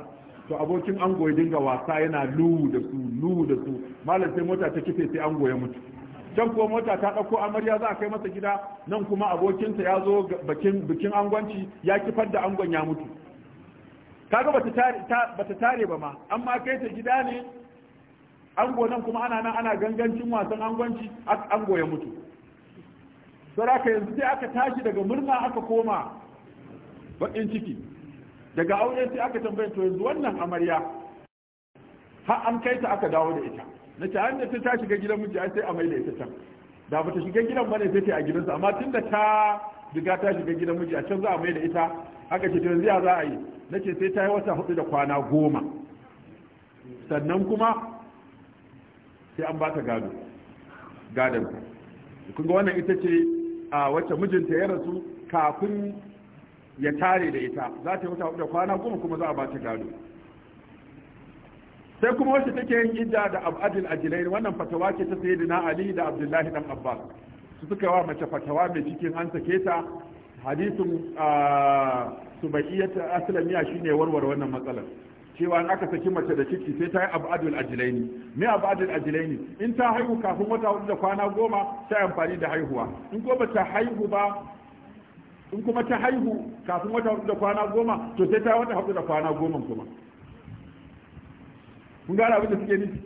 to abokin ango ya dinga wasa yana luwu da su luwu da su malam sai mota ta kife sai ango ya mutu can kuma mota ta ɗauko amarya za a kai masa gida nan kuma abokinsa ya zo bikin bikin angwanci ya kifar da angon ya mutu kaga bata tare ba ma amma kai ta gida ne ango nan kuma ana nan ana gangancin wasan angonci ango ya mutu saraka yanzu sai aka tashi daga murna aka koma bakin ciki daga aure sai aka tambaye to yanzu wannan amarya har an kai ta aka dawo da ita na ce an ta shiga gidan miji ai sai a mai da ita can da bata shiga gidan bane sai ta a gidansa amma tunda ta riga ta shiga gidan miji a can za a mai da ita aka ce yanzu ya za a yi nace sai ta yi wata hudu da kwana goma sannan kuma sai an baka gado gadon kun ga wannan ita ce a wacce mijinta ya rasu kafin ya tare da ita za ta yi wata da kwana goma kuma za a ba gado sai kuma wacce take yin idda da abadil ajilain wannan fatawa ce ta sayyidina ali da abdullahi dan abbas su suka wa mace fatawa mai cikin an sake ta hadisin subaiyat aslamiya shine warware wannan matsalar cewa in aka saki mace da ciki sai ta yi abadul ne me abadul ne in ta haihu kafin wata hudu da kwana goma ta amfani da haihuwa in ko ba ta haihu ba in kuma ta haihu kafin wata hudu da kwana goma to sai ta yi wata hudu da kwana goma kuma kun gane abin da suke nufi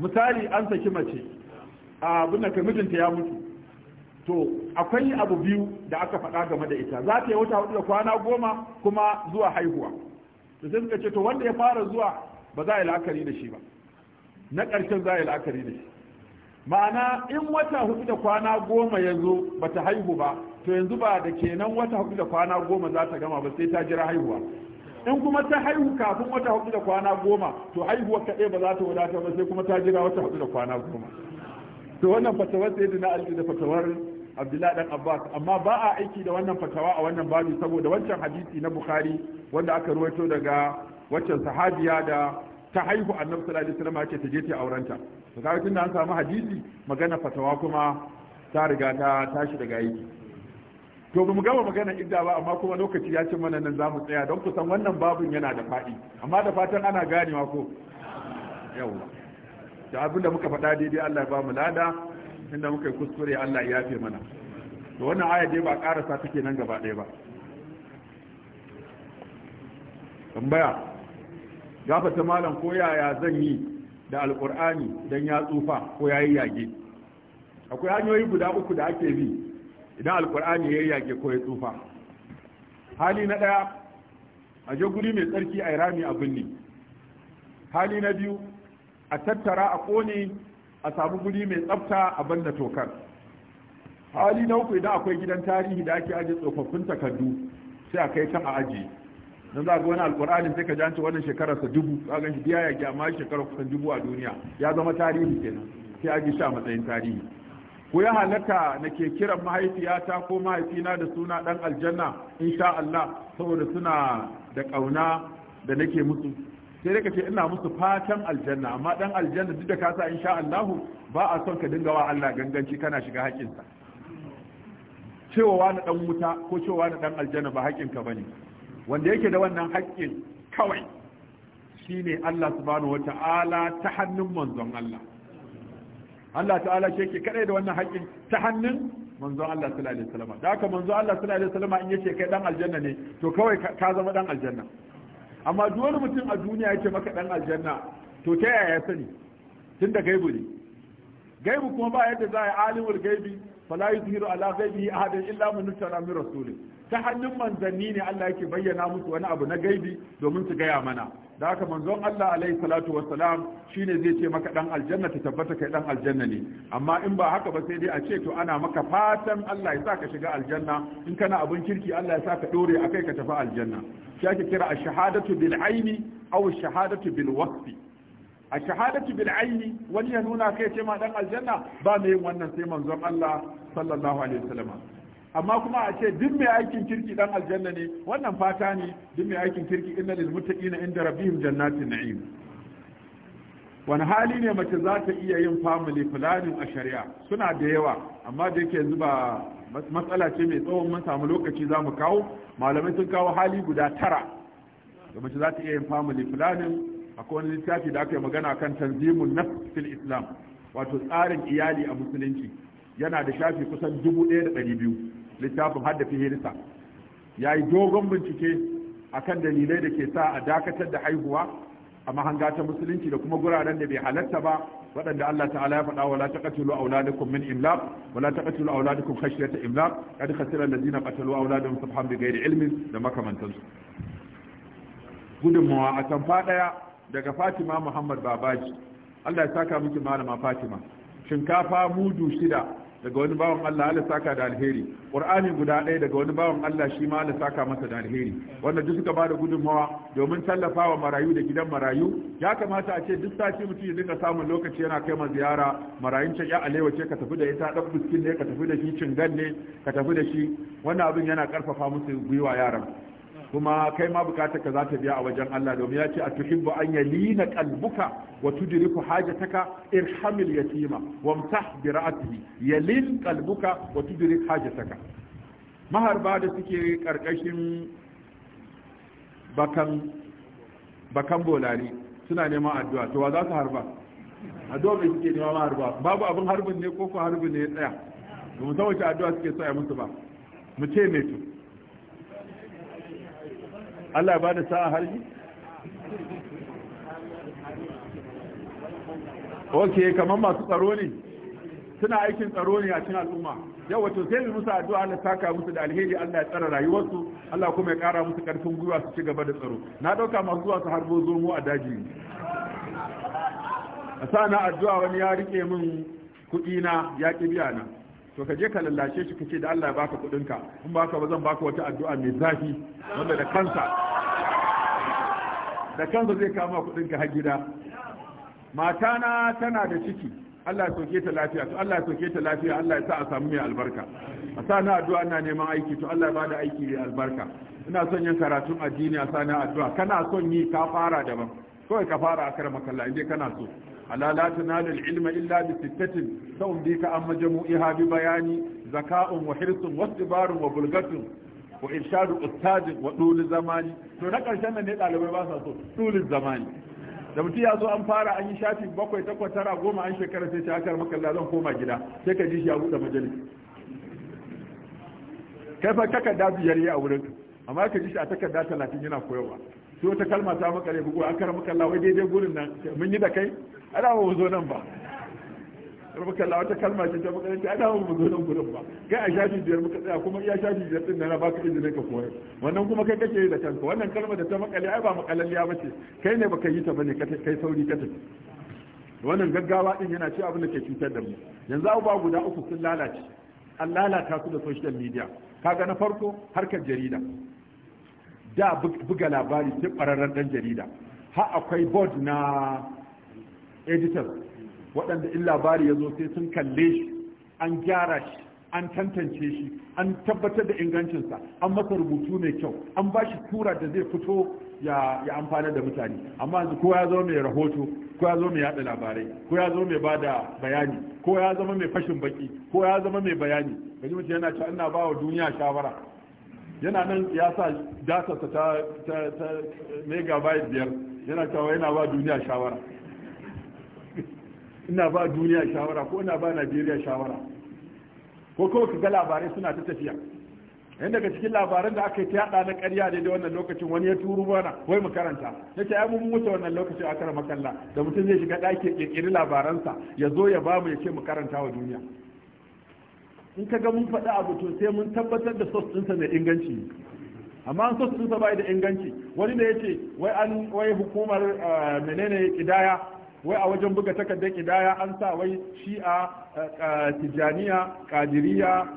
misali an saki mace abin da kai mijinta ya mutu to akwai abu biyu da aka faɗa game da ita za ta yi wata hudu da kwana goma kuma zuwa haihuwa Da sai suka ce to wanda ya fara zuwa ba za a yi la'akari da shi ba na ƙarshen za a yi la'akari da shi ma'ana in wata hudu da kwana goma ya zo ba ta haihu ba to yanzu ba da kenan wata hudu da kwana goma za ta gama ba sai ta jira haihuwa in kuma ta haihu kafin wata hudu da kwana goma to haihuwa kaɗai ba za ta wadata ba sai kuma ta jira wata hudu da kwana goma to wannan fatawar sai da na alƙi da fatawar abdullahi dan abbas amma ba a aiki da wannan fatawa a wannan babi saboda wancan hadisi na bukhari wanda aka ruwaito daga waccan sahabiya da ta haihu annabi sallallahu alaihi wasallam ta je ta aurenta to kaga tunda an samu hadisi magana fatawa kuma ta riga ta tashi daga aiki to mu gama magana idda ba amma kuma lokaci ya ce mana nan zamu tsaya don kusan wannan babun yana da faɗi amma da fatan ana ganewa ko yawa da abinda muka faɗa daidai Allah ya ba mu lada inda muka yi kuskure Allah ya yafe mana to wannan aya dai ba karasa take nan gaba ɗaya ba tambaya gafata malam ko yaya zan yi da alkur'ani don ya tsufa ko ya yi yage akwai hanyoyi guda uku da ake bi idan alkur'ani yi yage ko ya tsufa hali na ɗaya a je guri mai tsarki a rami a binni, hali na biyu a tattara a ƙone. a samu guri mai tsafta a banda tokar hali na uku idan akwai gidan tarihi da ake ajiye tsofaffin takardu sai a kai can a aji don za ga wani alkur'ani sai ka jance wannan shekarar sa dubu ka ganshi biya ya ma shekarar kusan dubu a duniya ya zama tarihi kenan sai a shi a matsayin tarihi ko ya halatta na ke kiran mahaifiyata ko mahaifina da suna dan aljanna insha Allah saboda suna da kauna da nake musu sai dai ka ce ina musu fatan aljanna amma dan aljanna duk da ka sa insha Allah ba a son ka dinga wa Allah ganganci kana shiga haƙinsa cewa wani dan wuta ko cewa wani dan aljanna ba haƙinka bane wanda yake da wannan haƙƙin kawai shine Allah subhanahu wata'ala ta hannun manzon Allah Allah ta'ala shi yake kadai da wannan haƙƙin ta hannun manzon Allah sallallahu alaihi wasallam da haka manzon Allah sallallahu alaihi wasallam in yace kai dan aljanna ne to kawai ka zama dan aljanna amma duk wani mutum a duniya yake maka dan aljanna to ta yaya ya sani tun da gaibu ne gaibu kuma ba yadda za a yi alimul gaibi fala yuzhiru ala ghaibihi ahadan illa man nutara min rasuli ta hannun manzanni ne Allah yake bayyana musu wani abu na gaibi domin su gaya mana da haka manzon Allah alaihi salatu wassalam shine zai ce maka dan aljanna ta tabbata kai dan aljanna ne amma in ba haka ba sai dai a ce to ana maka fatan Allah ya sa ka shiga aljanna in kana abin kirki Allah ya sa ka dore akai ka tafi aljanna shi ake kira ash-shahadatu bil aini aw ash-shahadatu bil waqfi ash-shahadatu bil aini wani ya nuna kai ce ma dan aljanna ba mai yin wannan sai manzon Allah sallallahu alaihi wasallam amma kuma a ce duk mai aikin kirki dan aljanna ne wannan fata ne duk mai aikin kirki inna lil muttaqina inda rabbihim jannatin na'im wani hali ne mace za ta iya yin family planning a shari'a suna da yawa amma da yake yanzu ba matsala ce mai tsawon mun samu lokaci za mu kawo malamai sun kawo hali guda tara da mace za ta iya yin family planning akwai wani littafi da aka yi magana kan tanzimun na fil islam wato tsarin iyali a musulunci yana da shafi kusan dubu ɗaya da ɗari biyu littafin hadda fihirisa ya yi dogon bincike akan dalilai da ke sa a dakatar da haihuwa a mahanga ta musulunci da kuma guraren da bai halatta ba waɗanda Allah ta'ala ya faɗa wala taqtulu auladakum min imlaq wala taqtulu auladakum khashyata imlaq qad khasira allazina qatalu auladahum subhan bighairi ilmin da makamantansu gudunmawa a tamfa ɗaya daga Fatima Muhammad Babaji Allah ya saka miki malama Fatima shinkafa mudu shida daga wani bawan Allah Allah saka da alheri Qur'ani guda ɗaya daga wani bawan Allah shi ma Allah saka masa da alheri wanda duk suka bada gudunmawa domin tallafawa marayu da gidan marayu ya kamata a ce duk sati mutum ya dinga samun lokaci yana kai ma ziyara marayun can ya alewa ce ka tafi da ita dan buskin ne ka tafi da shi cin ne ka tafi da shi wannan abin yana karfafa musu gwiwa yaran kuma kai ma bukatarka za ta biya a wajen Allah domin ya ce a tuhibbu an yalina qalbuka wa tudriku hajataka irhamil yatima wamtah bi ra'atihi yalin qalbuka wa tudrik hajataka maharba da suke karkashin bakan bakan bolari suna neman addu'a to wa za su harba addu'a bai suke neman harba babu abin harbin ne ko ko harbin ne ya tsaya domin saboda addu'a suke tsaya musu ba mu ce me to Allah ba da sa'a harbi ok kamar masu tsaro ne suna aikin tsaro ne a cin al'umma yau wato sai musu addu'a Allah saka musu da alheri Allah ya tsara rayuwarsu Allah kuma ya kara musu karfin gwiwa su ci gaba da tsaro na ɗauka masu zuwa su harbo zomo a daji a sa na addu'a wani ya rike min kuɗi na ya ƙi biya na to ka je ka lallace shi ka ce da Allah ya baka kudin ka in baka ba zan baka wata addu'a mai zafi wanda da kansa da kansa zai kama kudin ka har gida matana tana da ciki Allah ya soke ta lafiya to Allah ya soke ta lafiya Allah ya sa a samu mai albarka a sa na addu'a ina neman aiki to Allah ya bada aiki mai albarka ina son yin karatun addini a sa na addu'a kana son yi ka fara daban kawai ka fara a kar makalla inda kana so ala la tanalu ilma illa bi sittatin sawdika amma jamu'iha bi bayani zaka'un wa hirsun wa istibarun wa bulgatun wa irshadu ustadin wa dulul zamani to na karshen nan ne dalibai ba sa so dulul zamani da mutum ya zo an fara an yi shafi bakwai takwas tara goma an shekara sai shi akar maka zan koma gida sai ka ji shi a buɗe majalis kai fa takarda biyar yi a wurin amma ka ji shi a takarda talatin yana koyarwa sai wata kalma ta maka laifi ko an kara maka Allah wai daidai gurin nan mun yi da kai ana ba mu zo nan ba maka Allah wata kalma ce ta maka laifi ana ba mu zo nan gurin ba kai a shafi biyar muka tsaya kuma iya shafi biyar din na baka izini ka koyar wannan kuma kai kake yi da kanka wannan kalma da ta makale ai ba makalalliya bace kai ne baka yi ta bane kai sauri ka tafi wannan gaggawa din yana ci abin da ke cutar da mu yanzu abubuwa guda uku sun lalace an lalata su da social media kaga na farko harkar jarida da buga labari sai ƙwararren ɗan jarida ha akwai board na editor waɗanda in labari ya zo sai sun kalle shi an gyara shi an tantance shi an tabbatar da ingancinsa an masa rubutu mai kyau an ba shi tura da zai fito ya amfana da mutane amma yanzu ko ya zama mai rahoto ko ya zama mai yada labarai ko ya zama mai ba da bayani ko ya zama mai fashin baki ko ya zama mai bayani gaji mutum yana cewa ina ba wa duniya shawara yana nan ya sa data ta megabyte biyar yana cewa yana ba duniya shawara ina ba duniya shawara ko ina ba najeriya shawara ko kawai ka ga labarai suna ta tafiya yan daga cikin labaran da aka yi ta yada na karya ne da wannan lokacin wani ya turu mana wai mu karanta ya ce mun wuce wannan lokacin a kara makalla da mutum zai shiga ɗaki ya ƙirƙiri labaransa ya zo ya ba mu ya ce mu karanta wa duniya in ka ga mun faɗi abu to sai mun tabbatar da sos ɗinsa mai inganci amma an sos ɗinsa bai da inganci wani da ya ce wai an wai hukumar eh, menene kidaya wai a wajen buga takardar kidaya an sa wai shi'a eh, eh, tijaniya kadiriya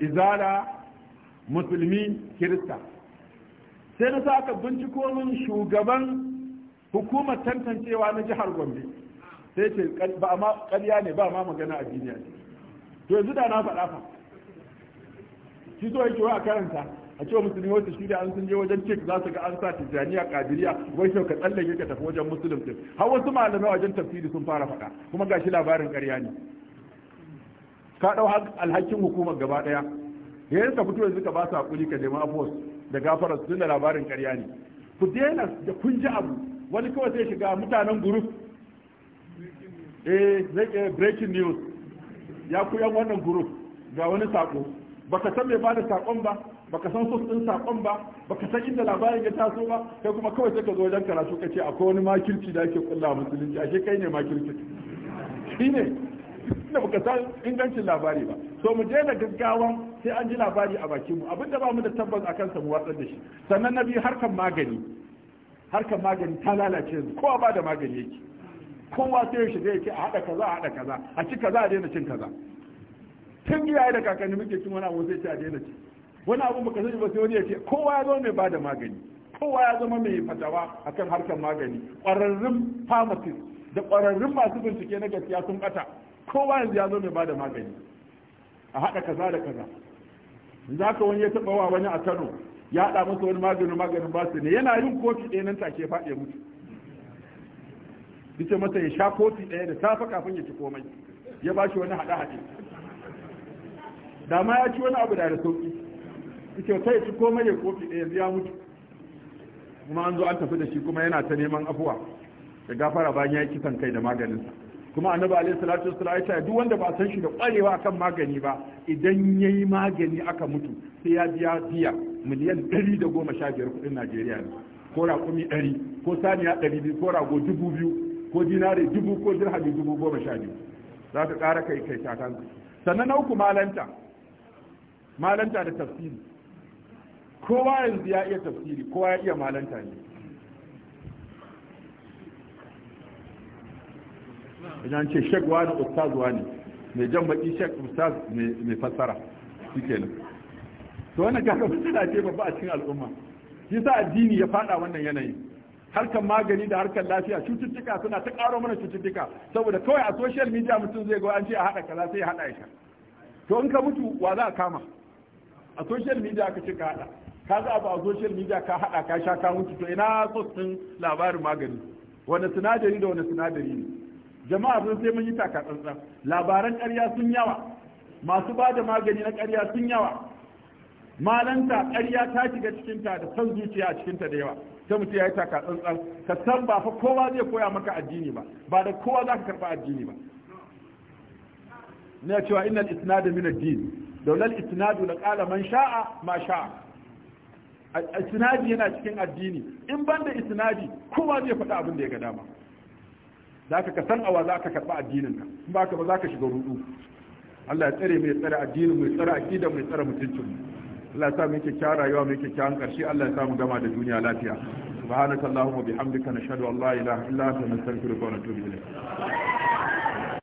izala musulmi kirista sai na sa aka binciko min shugaban hukumar tantancewa na jihar gombe sai ce ba ma ƙarya ne ba ma magana a duniya ne to yanzu da na faɗa fa shi zo yake wa karanta a cewa musulmi wata shi da an sun je wajen cik za su ga an sa tijjaniya kadiriya wai kyau ka tsalle ka tafi wajen musulun din har wasu malamai wajen tafsiri sun fara faɗa kuma gashi labarin ƙarya ne ka ɗau alhakin hukumar gaba ɗaya yayin ka fito yanzu ka ba su hakuri ka nemi afos da gafara, su da labarin ƙarya ne ku daina da kun ji abu wani kawai sai shiga mutanen guruf eh breaking news ya ku yan wannan group ga wani sako baka san mai bada sakon ba baka san sos din sakon ba baka san inda labarin ya taso ba kai kuma kawai sai ka zo wajen karatu kace akwai wani makirci da ake kulla musulunci ashe kai ne makirci shine da baka san ingancin labari ba so mu je da gaggawan sai an ji labari a bakin mu abinda ba mu da tabbas akan sa mu watsar da shi sannan na harkan magani harkan magani ta lalace ko kowa ba da magani yake kowa sai ya shiga ya ce a haɗa kaza a haɗa kaza a ci kaza a daina cin kaza tun iyaye da kakanni muke cin wani abu sai ci a daina ci wani abu baka sani ba sai wani ya ce kowa ya zama mai ba da magani kowa ya zama mai fatawa akan harkar magani ƙwararrun pharmacist da ƙwararrun masu bincike na gaskiya sun ɓata kowa yanzu ya zama mai ba da magani a haɗa kaza da kaza za ka wani ya taɓa wa wani a kano ya haɗa masa wani maganin maganin su ne yana yin kofi ɗaya nan take faɗe mutu yace masa ya sha kofi ɗaya da safe kafin ya ci komai ya ba shi wani haɗe-haɗe da ma ya ci wani abu da da sauƙi yace ta ya ci komai ya kofi ɗaya ya mutu kuma an zo an tafi da shi kuma yana ta neman afuwa da gafara bayan ya yi kisan kai da maganinsa kuma annabi alaihi salatu wassalam ya ce duk wanda ba san shi da kwarewa akan magani ba idan yayi magani aka mutu sai ya biya biya miliyan 115 kudin Najeriya ne ko raƙumi 100 ko saniya 200 ko rago 2000 ko dinare dubu ko dirhami dubu goma sha biyu za ka ƙara kai kai takan sannan na uku malanta malanta da tafsiri kowa yanzu ya iya tafsiri kowa ya iya malanta ne idan ce shek wani ustaz wani mai jan baki shek ustaz mai fassara shi kenan to wannan gaba suna ce babba a cikin al'umma shi sa addini ya fada wannan yanayin harkar magani da harkar lafiya cututtuka suna ta ƙaro mana cututtuka saboda kawai a social media mutum zai ga an ce a haɗa kaza sai ya haɗa ya to in ka mutu wa za a kama a social media ka ce ka haɗa ka za abu a social media ka haɗa ka sha ka mutu to ina sosin labarin magani wani sinadari da wani sinadari ne jama'a sun sai mun yi taka tsantsan labaran ƙarya sun yawa masu ba da magani na ƙarya sun yawa malanta ƙarya ta shiga cikinta da son zuciya a cikinta da yawa sai mutum ya yi taka tsantsan ka san ba fa kowa zai koya maka addini ba ba da kowa za ka karɓa addini ba ne cewa innal isnadu min ad-din daulal isnadu la qala man sha'a ma sha'a isnadi yana cikin addini in ban da isnadi kowa zai faɗi abin da ya ga dama za ka san awa za ka karɓa addinin ka in ba ka ba za ka shiga rudu Allah ya tsare mai tsare addinin mai tsare aqida mai tsare mutuncin mu Allah ya sa mu kyakkyawar rayuwa mu kyakkyawan karshe Allah ya sa mu gama da duniya lafiya subhanakallahumma bihamdika nashhadu an la ilaha illa anta nastaghfiruka wa natubu ilayk